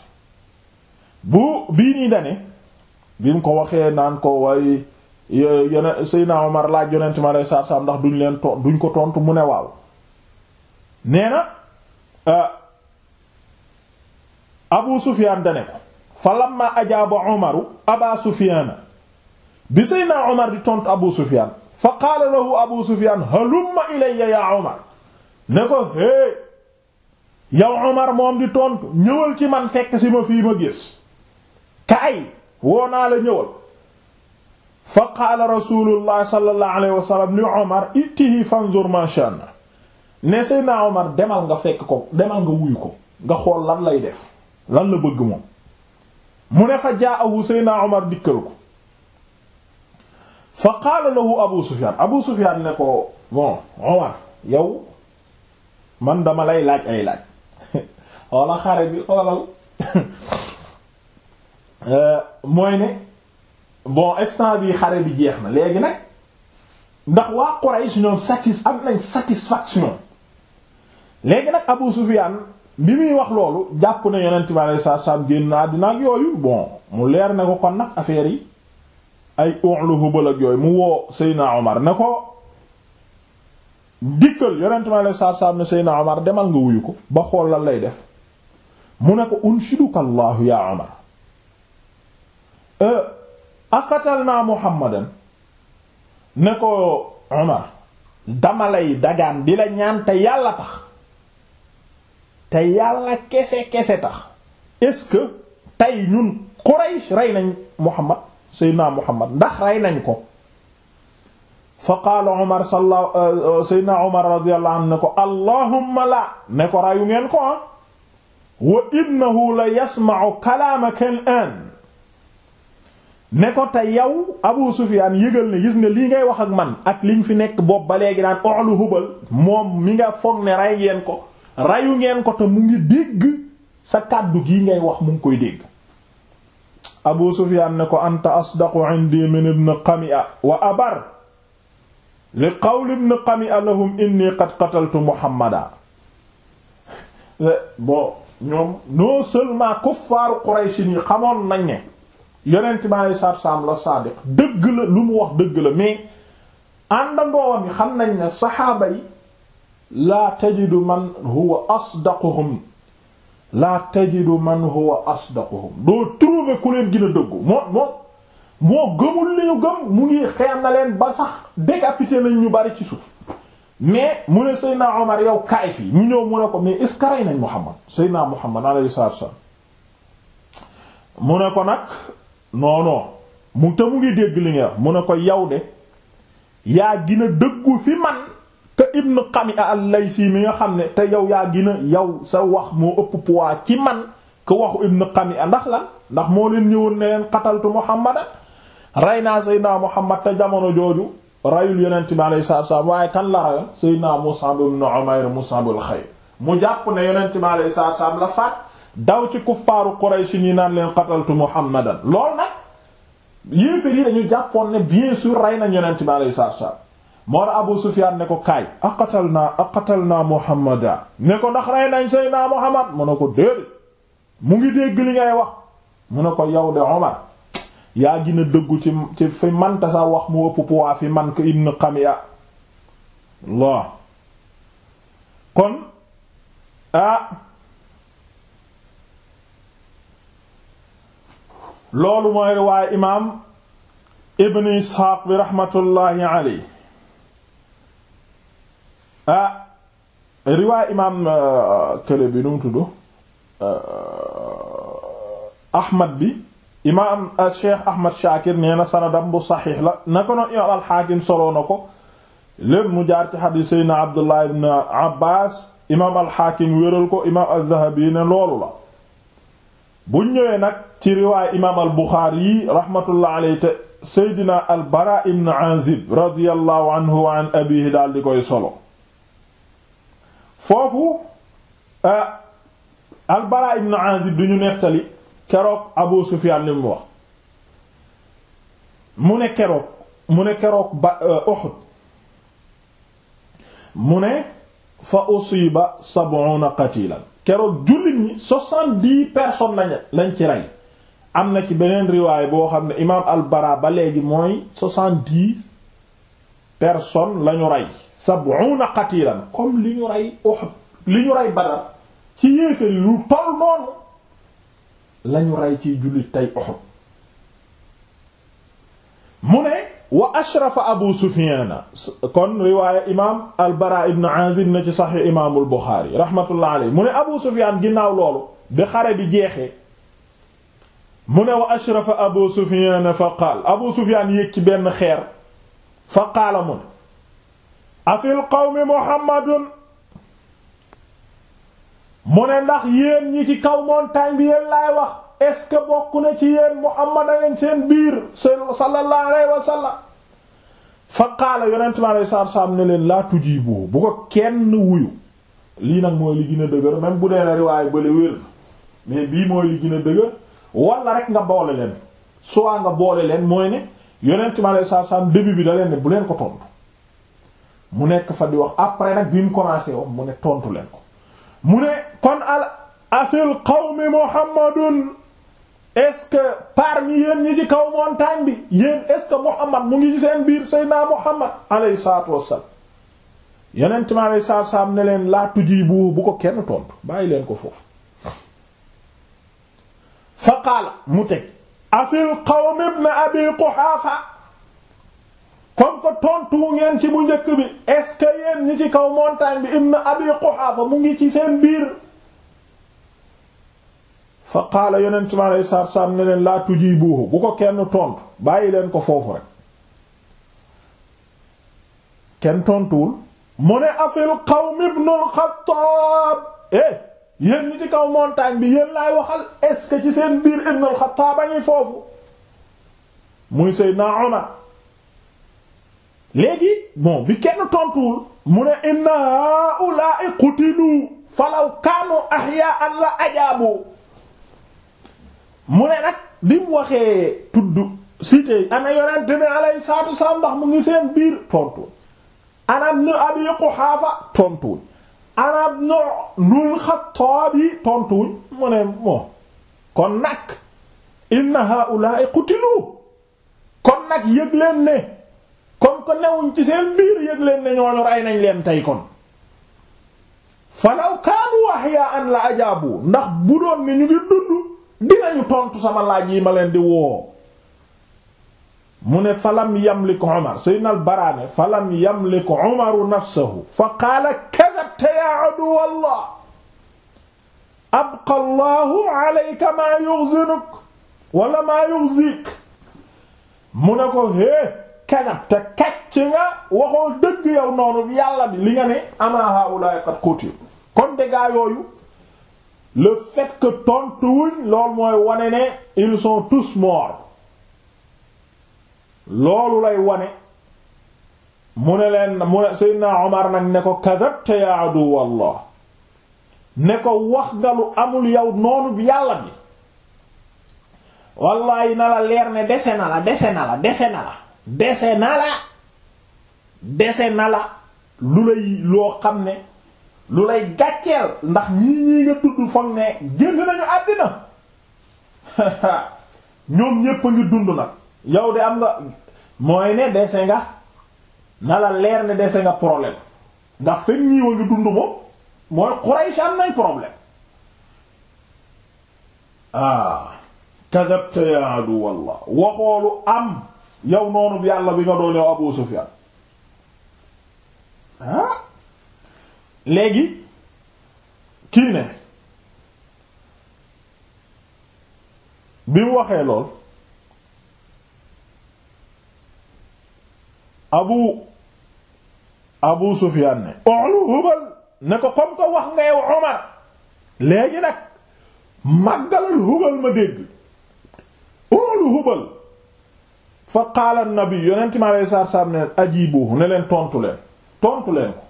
bi bu bii nii dane bi mu ko waxee naan ko waaye yone Seydina Omar laaj ma lay saar saam ndax duñ leen to duñ ko tontu mu ne waaw nee na euh, Abu Sufyaan dane ko fa lamma ajaaba Omaru Aba Sufyaana bi Seydina Omar di tontu Abu Sufyaan fa qaala lahu Abu Sufyaan halumma ilayya ya Omar ne ko hee yow Omar moom di tontu ñëwal ci man fekk si ma fii ma gis kaay woo naa la ñëwal fa qaala rasulullah sallallahu alayhi li Omar ittihi fanzur ma sha'na ne Seydina Omar demal nga fekk ko demal nga wuyu ko nga xool lan lay def lan la bëgg moom mu ne fa jaahu Seydina Omar dikkal ko fa qaala lahu Abu Sufyaan Abu Sufyaan ne ko bon Omar yow man dama lay laaj ay laaj walla xare bi xoolal <laughs> euh, mooy ne bon instant bi xare bi jeex na léegi nag ndax waa Quraysh ñoom satis am nañ satisfaction léegi nag Abu Sufyan bi muy wax loolu jàpp na yonent bi alayhi salaatu génn na àddina yooyu bon mu leer ne ko kon nag affaire yi ay onlu hubal ak yooyu mu woo Seyna Omar ne ko dikkal yonent bi alayhi salaatu ne Seyna Omar demal nga wuyu ko ba xool lan lay def mu ne ko unshiduka allahu yaa Umar euh, aqatalnaa Muhammadan ne ko Umar dama lay dagaan di la ñaan te yàlla tax te yàlla kese kese tax est-ce que tey ñun Quraysh rey nañ Muhammad Seydina Muhammad ndax rey nañ ko fa qaala Umar salla euh, euh, Seydina Umar radiyallahu anhu ne ko allahumma la ne ko reyu ngeen ko ah? wa innahu la yasma'u kalaamaka al'aan ne ko te yow Abu Sufyaan yëgal ne gis nga lii ngay wax ak man ak liñ fi nekk bopp ba léegi daan oxlu hubal moom mi nga foog ne rey ngeen ko reyu ngeen ko te mu ngi dégg sa kàddu gii ngay wax mu ngi koy dégg Abu Sufyaan ne ko anta asdaqu indi min ibn Qami'a wa abar li qawli ibn Qami'a lahum inni qad qataltu Muhammadan <laughs> ñoom non seulement kuffaaru Quraysh yi xamoon nañ ne yonent bi alei satu salaam la saadiq dëgg la lu mu wax dëgg la mais àndandoowam ni xam nañ ne saxaaba yi laa tajidu man huwa asdaquhum laa tajidu man huwa asdaquhum doo trouver ku leen gën dëggu moo moo moo gëmul li ñu gëm mu ngi xeex na leen ba sax décapité nañ ñu bari ci suuf mais mu ne Seydina Omar yow kaay fii mu ñëw mu ne ko mais est ce que rey nañ Muhammad Seydina Muhammad alayhi salaatu wasallam mu ne ko nag non non mu te mu ngi dégg li nga ne ko yow yaa gën a dëggu fi man que Ibn Qami'a al mi nga xam ne te yow yaa gina a yow sa wax moo ëpp poids ci man que waxu Ibn Qami'a ndax la ndax moo leen ñëwoon ne leen qataltu Muhammad rey naa Seydina Muhammad te jamono jooju. rayul yonent bi alayhi salaatu salaam waaye kan la rayoon Seydina Mus'ab ibn Umayr Mus'ab al-Xayr mu jàpp ne yonent bi salaam la faat daw ci kuffaaru Quraysh ñi naan leen qataltu Muhammadan loolu nag yéefér yi dañu jàppoon ne bien sûr rey nañ yonent bi alayhi salaatu salaam moo la Abu Sufyaan ne ko kaay aqatalnaa aqatalnaa Muhammadan ne ko ndax rey nañ Seydina Muhammad mu ne ko déedéet mu ngi dégg li ngay wax mu ne ko yow de Omar yaa gën a dëggu ci ci fi manta sa wax mu ëpp poids fi man ko ibn Qami'a Allah kon ah loolu mooy riwaaye imaam ibn Isxaaq bi raxmatullaahi alayhi ah riwaaye imaam kële bi nu mu tudd Ahmad bi imaam euh, Cheikh Ahmad Shakir nee na sanadam bu saxiix la na ko noonu al-Hakim soloo na ko lépp mu jaar Seydina Abdullah bu ñëwee nag ci riwaay imaam al-Buxaari rahmatullah alayhi Seydina al-Bara ibn Azib radiyallahu anhu wa an abihi koy solo foofu euh, al-Bara ibn Azib duñu nettali keroog Abu Sufyaan ni mu wax mu ne keroog mu ne keroog ba euh, Uhud mu ne fa usiba sab'una qatilan keroog jullit ñi soixante-dix personnes lañ lañ ci rey am na ci beneen riwaay boo xam ne imaam al-Bara ba léegi mooy soixante-dix person la ñu rey sab'una qatilan comme li ñu rey Uhud li ñu rey Badar ci yéeféer lu toll noonu lañu rey ciy jullit tey Uhud mu ne wa ashrafa abu sufiana kon riwaaya imam albara ibn azib na ci saxix imaamul boxaari rahmatullah aley mu ne abu sufian ginnaaw loolu bi xare bi jeexee mu ne wa ashrafa abu sufiana fa qaal abu sufian yéeg ci benn xeer fa qaala mu ne afil qawmi muhammadun mu ne ndax yéen ñi ci kaw montagne bi yéen laay wax est-ce que bokk na ci yéen Muhammad a ngeen seen biir seen alayhi wa sallam fa qaala yonent mi alayhi ne leen laa tujiibu bu ko kenn wuyu lii nag mooy li gën a dëgër même bu dee na riwaaye bële wér mais bii mooy li gën a dëgër wala rek nga boole leen soit nga boole leen mooy ne yonent mi alayhi salaatu salaam début bi da leen ne bu leen ko tontu mu nekk fa di wax après nag bi mu commencé wax mu tontu leen mu ne kon al afil qawmi muhammadun est par que parmi yéen ñi ci kaw montagne bi yéen est-ce que muhammad mu ngi ci seen biir seydinaa muhammad alayhi salaatu wassalaam yeneen mi alayhi salaatu wassalaam ne leen laa tujibu bu ko kenn tontu bàyyi leen ko foofu fa qaala mu teg afil qawmi ibn abi quhaafa kon ko tontuwu ngeen ci bu njëkk bi est-ce ñi ci kaw montagne bi na Abi Quhaafa mu ngi ci seen biir fa qaala yonent mi alayhi salaatu salaam ne leen laa tujiibuhu bu ko kenn tontu bàyyi leen ko foofu rek kenn tontuwul mu ne afil qawmi Ibn al eh yéen ñi ci kaw montagne bi yéen laay waxal est ci seen biir Ibn al-Xattaab foofu muy Seydina Umar léegi bon bi kenn tontuwul mu ne inna haa'ulaa'i qutilu falaw kaanu ahyaa'an la ajaabu mu ne nag bi waxee tudd cité ana yonent bi alayhi salaatu wassalaam ndax mu ngi seen biir tontuwul ana ibnu abi quhaafa tontuwul ana ibnu nul xattaabi tontuwul mu ne moo kon nag inna haa'ulaa'i qutilu kon nag yëg ne comme que newuñ ci seen biir yëg leen ne ñooñu rey nañ leen tey kon falaw kaanu ahya'an la ajaabu ndax bu doon ni ñu ngi dund dinañu tontu sama laaj yi ma leen di woo mu ne falam yamlik Umar sayyidina al-Baraane falam yamlik Umaru nafsahu fa qaala kadhabta ya aduwallah abqa Allahu alayka ma yughzinuk wala ma yughzik mu ne ko hee kanabta kàcc nga waxoo dëgg yow noonu yàlla bi li nga ne ama haulaay qad qutil kon de gaa yooyu le fait que tontuwuñ loolu mooy wane ne ils sont tous morts loolu lay wone mu ne leen mu ne Seydina Omar nag ne ko kadabta ya aduwallah ne ko wax nga lu amul yow noonu bi yàlla bi wallaay na la leer ne dese na la dese na la dese na la dese na la dese na la lu lay loo xam ne lu lay gàcceel ndax ñii ñii nga tudd foog ne génn nañu àddina <laughs> ñoom ñépp ngi dund nag yow de am nga mooy ne dese nga na la leer ne dese nga problème ndax fekk ñii wa ngi dund moom mooy Quraysh am nañ problème ah kadabta ya adu wallah waxoolu am yow noonu yàlla bi nga doon yow Abu Sufyan ah léegi kii ne bi mu waxee lool Abu Abu Sufyan ne olu Hubal ne ko comme ko wax nga yow Omar léegi nag màggalal Hubal ma dégg olu Hubal fa qaala nabi yonent mi alayhi salaatu salaam ne ajiibuhu ne tontu leen tontu leen ko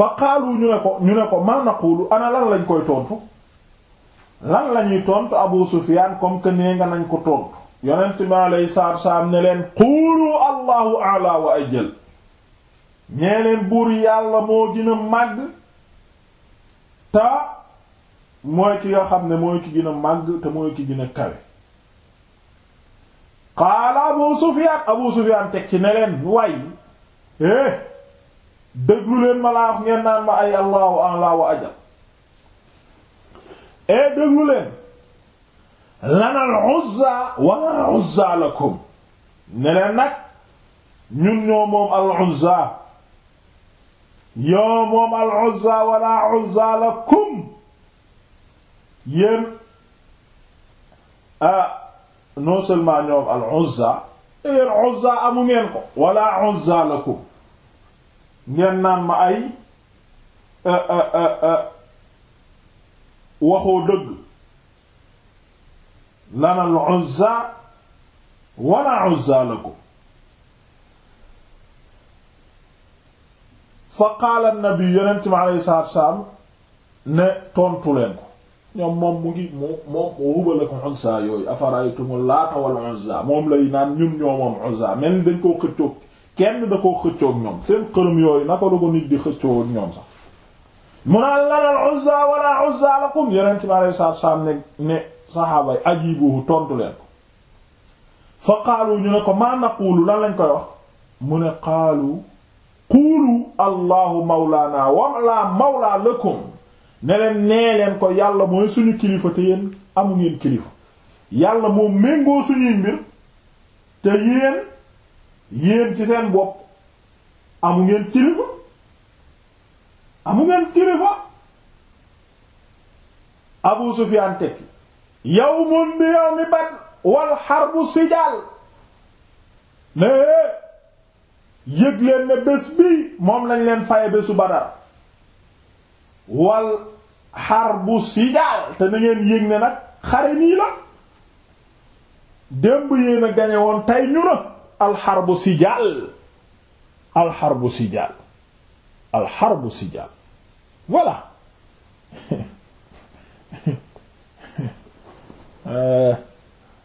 fa qaalu ñu ne ko ñu ne ko maa naqulu ana lan lañ koy tontu lan la ñuy tontu Abu Sufyaan comme que nga nañ ko tontu yonent mi alayhi salaatu salaam quulu allahu a'la wa ajal ñee leen buur yàlla moo gën a màgg te mooy ki nga xam ne mooy ki gën a màgg te mooy ki gën a kawe qaala abu sufiyaan abu sufiyaan teg ci ne leen waay eh déglu leen ma laa wax ngeen naan ma ay allahu ala wa ajal eh déglu leen lana al uzza wala uzza lakum ne leen nag ñun ñoo moom al uzza yoo moom al uzza wala uzza lakum yéen ah non seulement ñoom al Uzza yéen Uzza amu ngeen wala Uzza lakum ngeen naan ma ay euh, euh, euh, waxoo dëgg lana al Uzza wala Uzza lakum fa qaala ne tontu ñoom moom mu ngi mu moom hubal moom lay naan dañ koo xëccoog kenn da koo xëccoog ñoom seen xërëm yooyu naka la ko nit di xëccoo ak ñoom sax mu naan lanal Uzza wala Uzza lakum yeneen ci ne ko fa qaalu maa naqulu lan lañ ko wax mu ne qaalu quulu allahu mawlaana wa la mawla lakum ne leen nee leen ko yàlla mooy suñu kilifa te yéen amu ngeen kilifa yàlla moo méngoo suñuy mbir te yéen yéen ci seen bopp amu ngeen kilifa amu ngeen kilifa Abu Sufyan tekki yawmun bi yawmi Badr wal harbu sijaal ne yëg leen ne bés bii moom lañ leen faye bésu Badar wal harbu sijaal te na ngeen yëg ne nag xare nii la démb yéen a gañe woon tey ñu na alxarbu sijaal alxarbu sijaal alxarbu sijaal voilà <laughs> euh,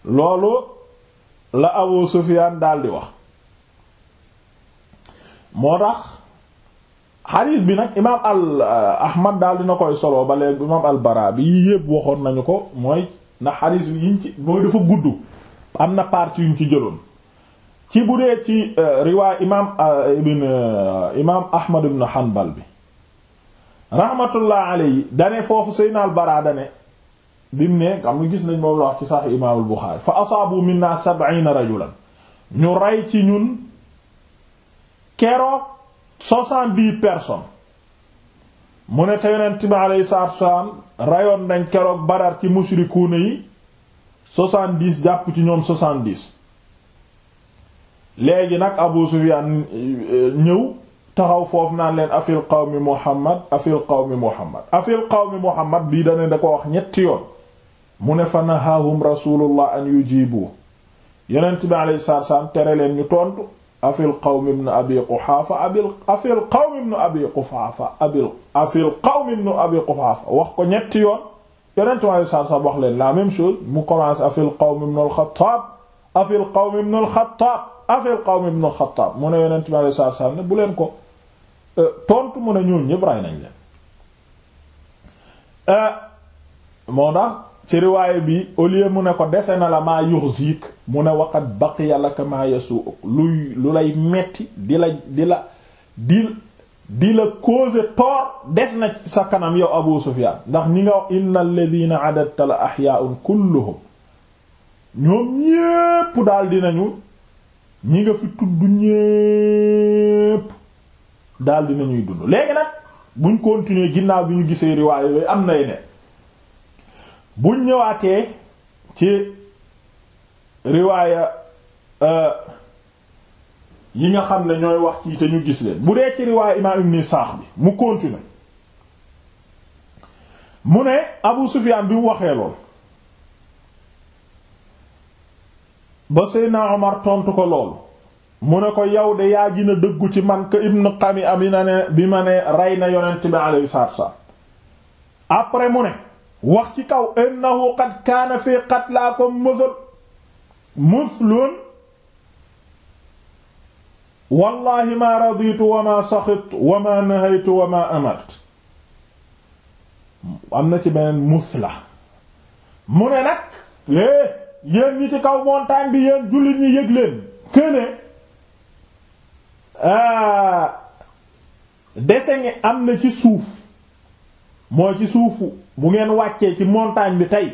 loolu la Abu Sufyaan daal wax moo tax xadiis bi nag imaam al uh, ahmad daal dina koy solo ba léegi imaam al bara bi yii waxoon nañu ko mooy ndax xadiis bi yiñ ci mooy dafa gudd am na partie yuñ ci jëloon ci bu dee ci uh, riwaay imaam uh, ibn imaam ahmad ibn hanbal bi rahmatullah alayhi dane foofu seyna al bara dane bimu ne xam nga gis nañ moom la wax ci sax imaam al buxaari fa asaabu minna sab'ina rajulan ñu rey ci ñun keroog soixante-dix personnes mu ne te yonent bi alayhi salaatu wassalaam rayoon nañ keroog Badar ci mushrikuuna yi soixante-dix jàpp ci ñoom soixante-dix léegi nag Abu Sufyaan eh, eh, ñëw taxaw foofu naan leen afil qawmi Muhammad afil qawmi Muhammad afil qawmi Muhammad bii dane da ko wax ñetti yoon mu ne fa nahaahum rasulullah an yujibu yonent bi alayhi salaatu tere leen ñu tontu afil qawmi ibn abi quhaafa abil afil qawmi ibn abi quhaafa abil afil qawmi ibn abi quhaafa wax ko ñetti yoon yonentu Yàlla sa sa wax leen la même chose mu commence afil qawmi ibn al-Xattaab ibn al-Xattaab afil qawmi ibn al-Xattaab mu ne yonentu Yàlla sa sa ne bu leen ko euh, tontu mu ne ñoom ñépp ray nañ leen euh, moo tax ci riwaaya bi au lieu mu ne ko dese na la maa yuxzik mu ne waqat baqiya laka maa yasuuk luy lu lay metti di la di la di di la causer tort des na sa kanam yow Abu Sufyan ndax ñi nga wax inna alladhina adadta la ahya'un kulluhum ñoom ñépp daal dinañu ñi nga fi tudd ñépp daal dinañuy dund léegi nag buñ continuer ginnaaw bi ñu gisee riwaaya yooyu am na yeneen bu ñëwaatee ci riwaaya euh, yi nga xam ne ñooy wax ci te ñu gis leen bu dee ci riwaaya imaam ibn Isaaq bi mu continue mu ne Abu Sufyaan bi mu waxee lool ba Seydina Omar tontu ko lool mu ne ko yow de yaa gën dëggu ci man ka ibn Qami'a bi ma ne rey na yonent bi alayhi salaatu wa salaam après mu ne wax ci kaw innahu qad kaana fi qatlaakum musul muslun wallahi ma raditu wa ma saxit wa ma nahaytu wa ma amart am na ci beneen musla mu ne nag é eh, yéen ñi ci kaw montagne bi yéen jullit ñi yëg leen ah, dese ngi am na ci suuf moo ci suufu bu ngeen wàccee ci montagne bi tey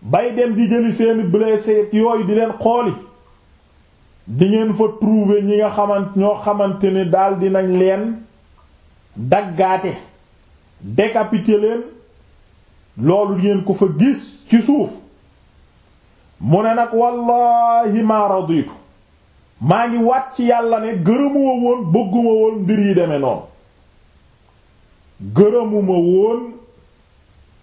bay dem di jëli seeni blessé yooyu di leen xooli di ngeen fa trouver ñi nga xamant ñoo xamante ni daal nañ leen daggaate décapité leen loolu di ngeen ko fa gis ci suuf mu ne nag wallahi maa raditu maa ngi wàcc ci yàlla ne gërëmuma woon bëgguma woon mbir yi deme noonu gërëmuma woon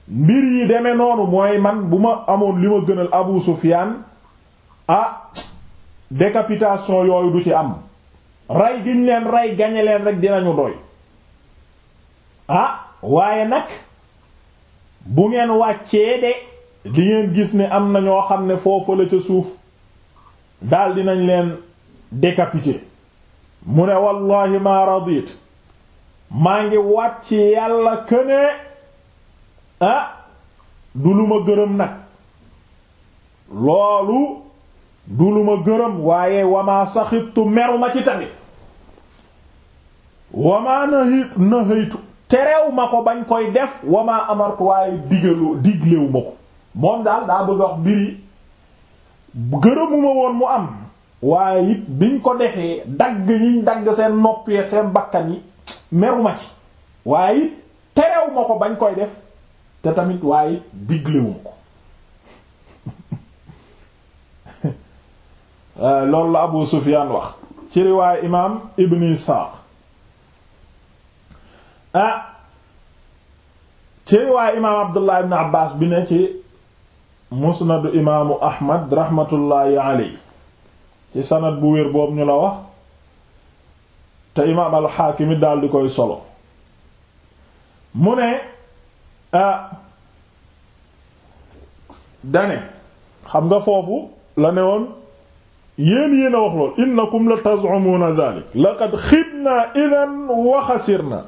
mbir yi demee noonu mooy man bu ma amoon li ma gënal Abu Sufyaan ah décapitation yooyu du ci am rey giñ leen rey gañe leen rek dinañu doy ah waaye nag bu ngeen wàccee de di ngeen gis ni am na ñoo xam ne foofu la ca suuf daldi dinañ leen décapité mu ne wallahi ma radit maa ngi wàcc yàlla këne ah du gërëm nag loolu du lu ma gërëm waaye wamaa saxittu meruma ci tamit wamaa nahitu nahaytu terew ma ko bañ koy def wamaa amartu waaye digaloo diglewu ko moom daal daa bëgg wax mbiri gërëmuma woon mu am waaye it biñ ko defee dagg yiñ dagg seen noppee seen bakkan yi meruma ci waaye it terew ko bañ koy def te tamit waaye diglewuma ko <laughs> euh, loolu la Abu Sufyan wax ci riwaay imaam Ibn Isaaq ah ci riwaay imaam Abdullah ibn Abbas bi ne ci musnadu imaamu Ahmad rahmatullahi alayhi ci sanad bu wér boobu ñu la wax te imaam al-Haakimi daal di koy solo mu ne. ah dane xam nga foofu la ne woon yéen yéen wax lool innakum la taz'umuna dhalik laqad xibna idan wa xasirna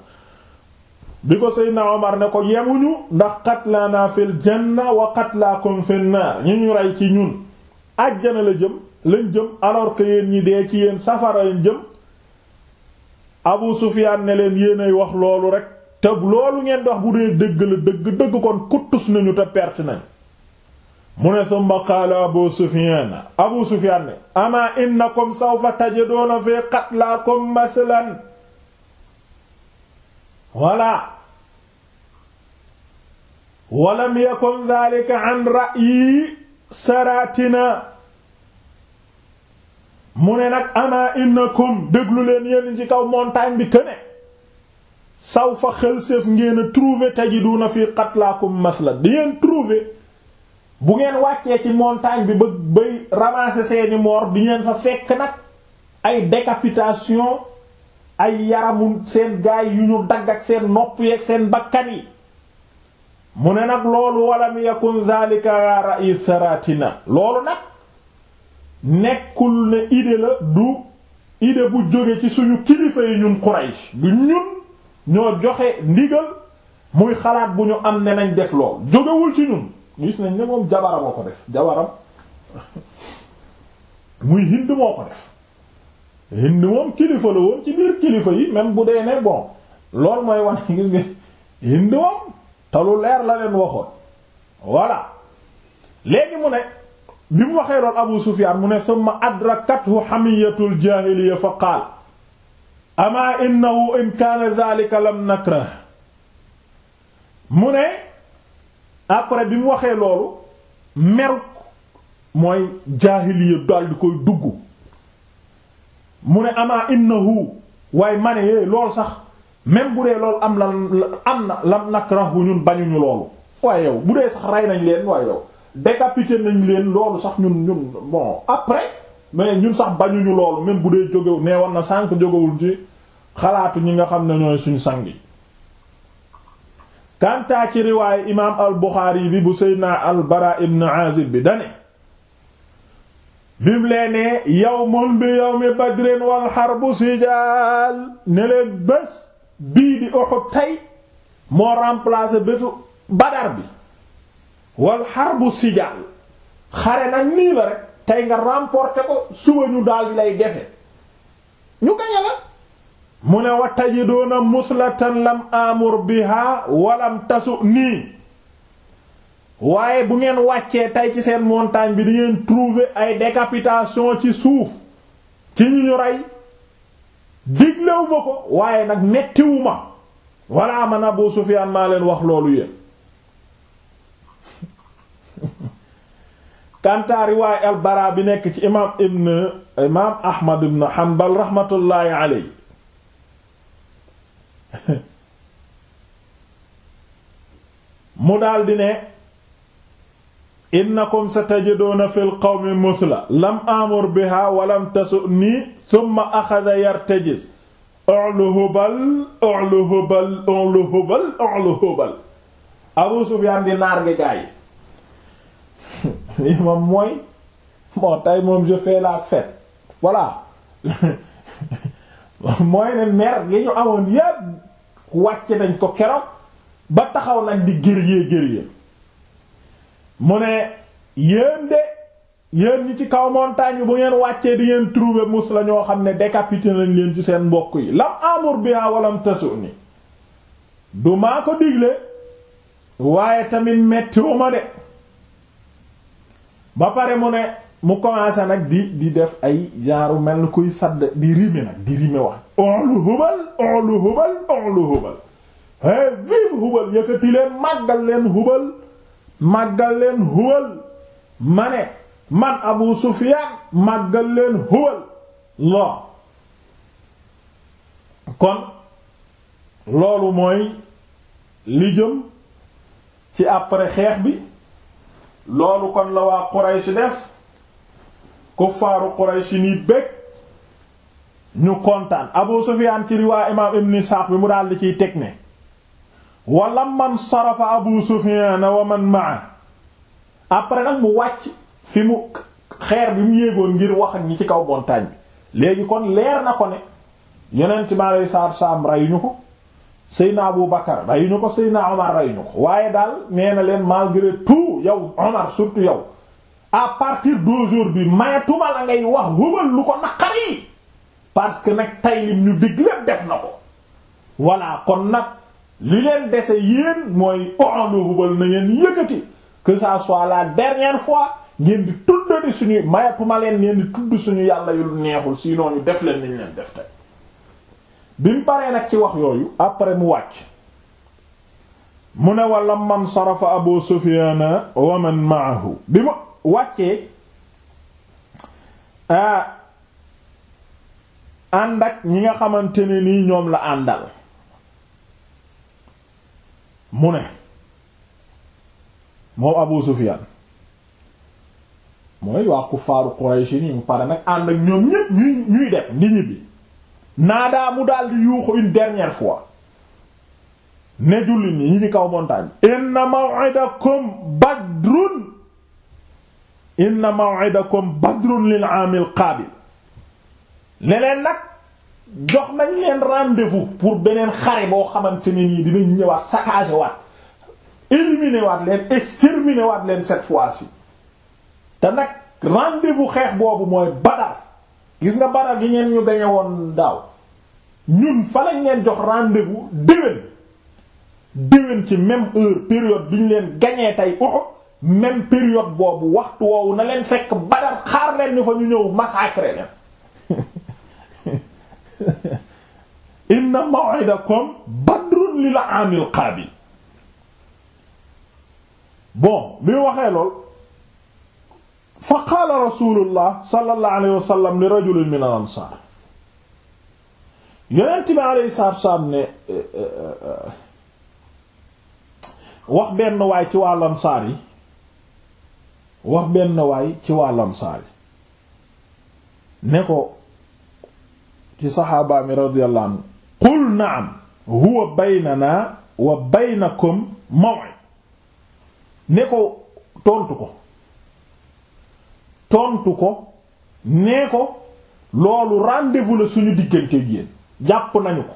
bi ko Seydina Omar ne ko yemuñu ndax qatlana fil janna wa qatlaakum fin naar ñu rey ci ñun àjjana la jëm lañ jëm alors que yéen ñi dee ci yéen safara lañ jëm Abu Sufyaan ne leen yéen wax loolu rek te loolu ngeen di wax bu dee dëgg la dëgg dëgg kon kuttus nañu te perte mu ne summa qaala abu sufyan abu sufyan ne ama innakum sawfa tajiduuna fi qatlaakum masalan wala walam yakun dhalika an ra'yi saraatina mu ne nag ama innakum déglu leen yéen ci kaw montagne bi këne saw fa xelséef ngeen ji trouver na fi qatlaakum masla di ngeen trouver bu ngeen wàccee ci montagne bi ba bay ramasser seeni mort di ngeen fa fekk nag ay décapitation ay yaramu seen gaay yu ñu dagg ak seen nopp yeeg seen bakkan yi mu ne nag loolu walam yakun zalika ya rais saratina loolu nag nekkul ne idée la du idée bu jóge ci suñu kilifa yi ñun Quraysh du ñun ñoo joxe ndigal muy xalaat bu ñu am ne nañ def lool jógewul ci ñun gis nañ ne moom jabaram moo ko def jabaram <laughs> muy hind moo ko def hind moom kilifa la woon ci biir kilifa yi même bu dee ne bon lool mooy wane <laughs> gis nga hind moom te leer la leen waxoon voilà léegi mu ne bi mu waxee lool Abu Sufyan mu ne summa adrakathu hamiyatul jahiliya fa qaal amaa innahu in kaana zalika lam nakrah mu ne après bi mu waxee loolu meruk mooy yi daal di koy dugg mu ne amaa innahu waaye ma eh, lool sax même bu dee loolu am la am na lam nakrahu ñun bañuñu loolu waaye yow bu dee sax rey nañ leen waaye yow décapité nañ leen loolu sax ñun ñun bon après mais ñun sax bañuñu lool même bu dee jógew nee war na sànq jógewul ci xalaatu ñi nga xam ne ñooy suñu sang yi kantaa ci riwaaye imaam al Buxaari bi bu seydna al Bara ibn Aazib bi dane bim lee ne yawmun bi yawmi badrin wal harbu sijaal ne leen bés bii di Uhud tey moo remplacé bésu badar bi wal harbu sijaal xare nag nii la rek tey nga remporter ko suba ñu daal di lay defe ñu gañe la mu ne wa tajidoona muslatan lam amur biha walam tasu nii waaye bu ngeen wàccee tey ci seen montagne bi di ngeen trouver ay décapitation ci suuf ci ñu ñu rey diglewu ma ko waaye nag walaa ma walla man Abu Sufyaan maa leen wax loolu yéen kanta riwaay albara bi nekk ci imaam ibn imaam ahmad ibn hanbal rahmatullahi aley <laughs> mu daldi ne innakum satajiduuna fil qawmi muthla lam amur biha wa lam tasuni thumma akhadha yartajis ulu hubal ulu hubal ulu hubal ulu hubal abu sufyaan di naar gi gaay lii moom mooy bon tey moom je fais la fête voilà <laughs> mooy ne mer gi ñu amoon yépp wàcce nañ ko keroog ba taxaw nag di gërëyee gërëyee mu ne yéen de yéen ñi ci kaw montagne bu ngeen wàccee di ngeen trouver mus la ñoo xam ne décapité nañ leen ci seen mbokk yi lam amur bi haa walam tasu ni du ko digle waaye tamit mettiwuma de ba pare mu ne mu commencé nag di di def ay genre mel ni kuy sadd di rime nag di rime wax onlu hubal onlu hubal onlu hubal hey eh, vive hubal yëkkati màggal leen hubal màggal leen hubal ma ne man Abu Sufyan màggal leen hubal la kon loolu mooy li jëm ci après xeex bi loolu kon la waa Quraysh def kuffaaru Quraysh ni bëgg ñu kontaan Abu Sufyaan ci riwaa imaam Ibn Isaaq bi mu daal di ciy teg ne wa lamman sarafa Abu Sufyaan wa man ma'a après nag mu wàcc fi mu xeer bi mu yéegoon ngir wax ñi ci kaw montagne bi léegi kon leer na ko ne yeneen ci maa lay saab saab reyuñu ko Seyna Abu Bakar ñu ko Seyna Omar rayuñu ko waaye daal nee na leen malgré tout yow Omar surtout yow à partir d'aujourd'hui mayatuma la ngay wax wëbal lu ko naqari parce que nag tay ñu dig leen def na ko voilà kon nag li leen dese yéen mooy oxandu wëbal na ngeen yëkkati que ça soit la dernière fois ngeen di tuddati suñu mayatuma leen ngeen di tudd suñu yàlla yu neexul sinon ñu def leen niñ leen def tey. bi mu paree nag ci wax yooyu après mu wàcc mu ne wala man sarafa abu sufyaana wa maahu bi mu wàccee a ànd ak ñi nga xamante ne nii ñoom la àndal mu ne moom abu sufyaan mooy waa ku faaru Quraysh ni mu pare nag ànd ak ñoom ñépp ñuy ñuy dem ñibbi naadaa mu daal di yuuxu une dernière fois ne julli ñi ñi ci kaw montagne inna maw'idakum badrun inna maw'idakum badrun lil aamil qaabil ne leen nag jox nañ leen rendez-vous pour beneen xare boo xamante ne nii dinañ ñëwaat saccager waat éliminer waat leen exterminer leen cette fois-ci te nag rendez xeex boobu mooy Badar gis nga baral gi ngeen ñu gañe woon daaw ñun fa lañ leen jox rendez-vous déwén ci même heure période bi ñu leen gañee tey Uhud même période boobu waxtu woowu na leen fekk Badar xaar leen ñu fa ñu ñëw massacrer leen <laughs> inna maw'idakum badrun lil aamil qaabil bon bi waxee lool fa qaala rasulullah sallallahu alayhi wa sallam li rajulin min al ansaar yonent bi alayhi salaatu salaam ne eh, eh, eh, wax benn waay ci waa lansaar yi wax benn waay ci waa lansaar yi ne ko ci saxaabaa mi radiyallahu anhu qul na'am huwa baynana wa baynakum maw'id ne ko tontu ko tontu ko nee ko loolu rendez la suñu diggante yéen jàpp nañu ko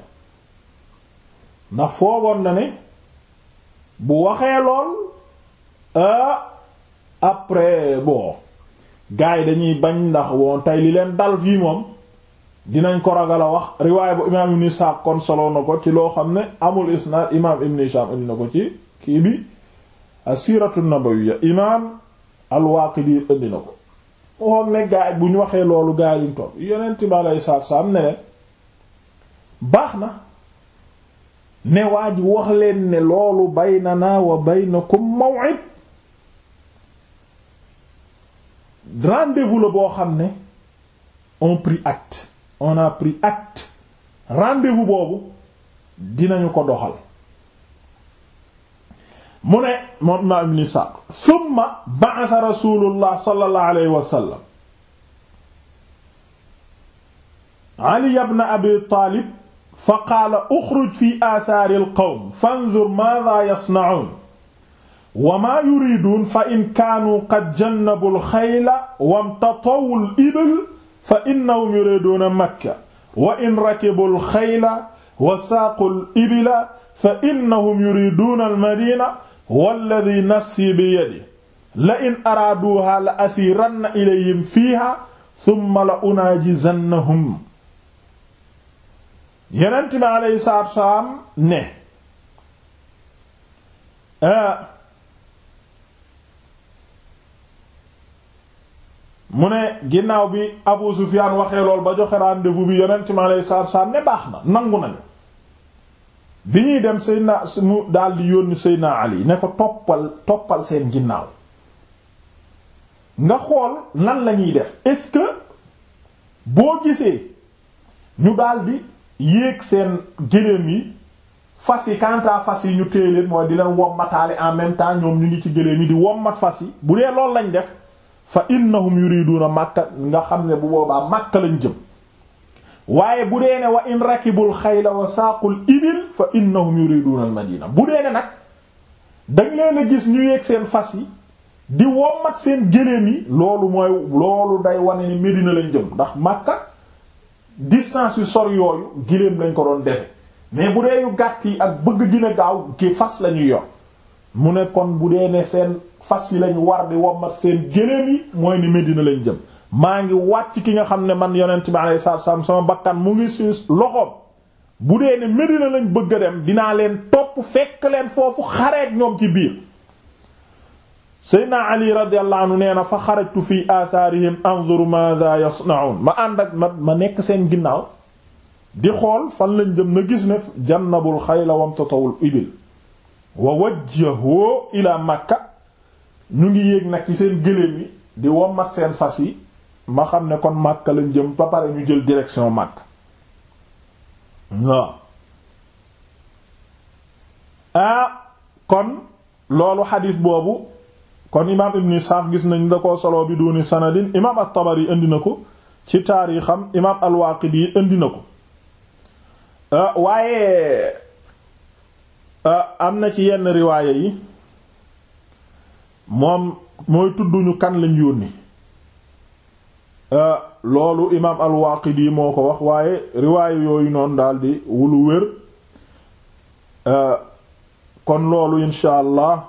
ndax foogoon na ne bu waxee lool ah après bon gars yi dañuy bañ ndax woon tey li leen dal fii moom dinañ ko ragal a wax riwaay bu imaam ni Isaaq kon solo na ko ci loo xam ne amul isnaad imaam ibn Hishaam indi na ko ci kii bi as-siiratu nabawiyya imaam al-Waaqidi indi na ko waxoon ne gaay bu ñu waxee loolu gaay yuñ topp yonent bi aleyhi salaatu salaam ne leen baax na ne waa ji wax leen ne loolu baynana wa baynakum maw'id rendez-vous la boo xam ne on prit acte on a pris acte rendez-vous boobu dinañu ko doxal mu ne moom naa ibn Isaaq thumma ba'atha rasulullah sallallahu alayhi wa sallam Ali ibn Abi Taalib fa qaala uxruj fi aasaari alqawm fanzur maadha yasna'uun wa maa yuriiduun fa in kaanuu qad jannabu alxayla wamtatawu alibl fa innahum yuriiduuna Makka wa in rakibu alxayla wa saaqu alibla fa innahum yuriiduuna almadiina walladi nafsi bi yadi la in araaduha la asiranna ilayhim fiiha thumma la unaajizannahum yonent bi aleyhi salaatu wa salaam ne mu ne ginnaaw bi Abu Sufyaan waxee lool ba joxe rendez bi yonent bi aleyhi salaatu wa ne baax na nangu nañu bi ñuy dem sëy Seydina mu daal di yónni Seydina Ali ne ko toppal toppal seen ginnaaw nga xool nan la ñuy def est-ce que boo gisee ñu daal di yéeg seen gëléem yi fas yi kantaa fas yi ñu téye leen mooy di leen wommataale en même temps ñoom ñu ngi ci gëléem yi di wommat fas yi bu dee loolu lañ def fa innahum yuriduna Makka nga xam ne bu boobaa Makka lañu jëm waaye bu dee ne wa in rakibul xayla wa saaqul ibil fa innahum yuriduna al madina bu dee ne nag dañ leen a gis ñu yeeg seen fas yi di wommat seen gëléem yi loolu mooy loolu day wane ni Medina lañ jëm ndax Makka distance yu sor yooyu gëléem lañ ko doon defe mais bu dee yu gàtt yi ak bëgg gën a gaaw ki fas la ñuy yor mu ne kon bu dee ne seen fas yi lañ war di wommat seen gëléem yi mooy ni Medina lañ jëm maa ngi wàcc ki nga xam ne man yonent bi alayhi salaatu sama bakkan mu ngi si loxoom bu dee ne Medina lañ bëgg a dem dinaa leen topp fekk leen foofu xareet ñoom ci biir Seydina Ali radiyallahu anhu nee na fa xarajtu fi athaarihim anzuru madha yasna'un ma ànd ak ma ma nekk seen ginnaaw di xool fan lañ jëm na gis ne jannabul xayla wamtatawul ibil wa wajjahu ila makka ñu ngi yéeg nag ci seen gëléem yi di wommat seen fas yi ma xam ne kon màkk lañ jëm ba pare ñu jël direction Makka waaw ah kon loolu xadiis boobu kon imaam ibn Isxaaq gis nañ da koo solo bi duni sanadin imaam at-Tabari indi na ko ci taarixam imaam al-Waaqidi indi na ko ah, waaye ah, am na ci yenn riwaaye yi moom mooy tudduñu kan lañ yónni Euh, loolu imaam al-Waaqidi moo ko wax waaye riwaayu yooyu noonu daldi wulu wér euh, kon loolu insha allah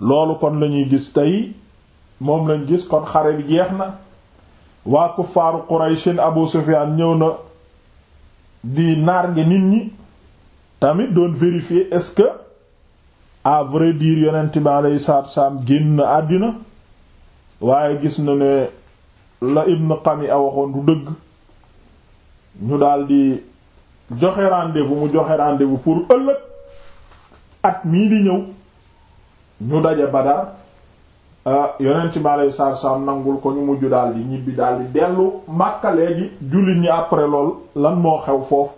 loolu kon lañuy gis tey moom lañ gis kon xare bi jeex na waa kuffaaru Qurayshin Abu Sufyaan ñëw na di naar narge nit ñi tamit doon vérifier est-ce que à vrai dire yonent bi alayhi salaatu wa génn àddina waaye gis na ne la Ibn Qami'a waxoon du dëgg ñu daldi joxe rendez-vous mu joxe rendez pour ëllëg ak mii di ñëw ñu daje Badar ah, yonent bi aleyhi salaatu salaam nangul ko ñu mujj daldi ñibbi daldi dellu Makka léegi jullit ñi après lool lan moo xew foofu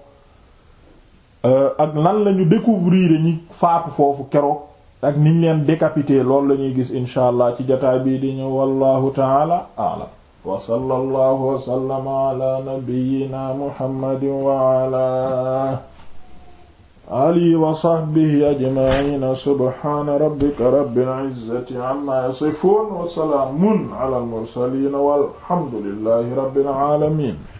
ah, ak lan lañu découvrir ñi faatu foofu keroog ak niñ leen décapité loolu la ñuy gis incha allah ci jotaay bii di ñëw wallahu taala a'lam wa sallallahu wa sallama ala nabiyyina muhammadin wa ala alihi wa sahbihi ajma'ina subhana rabbika rabbil izzati amma yasifun wa salamun ala al mursalin walhamdulillahi rabbil alamin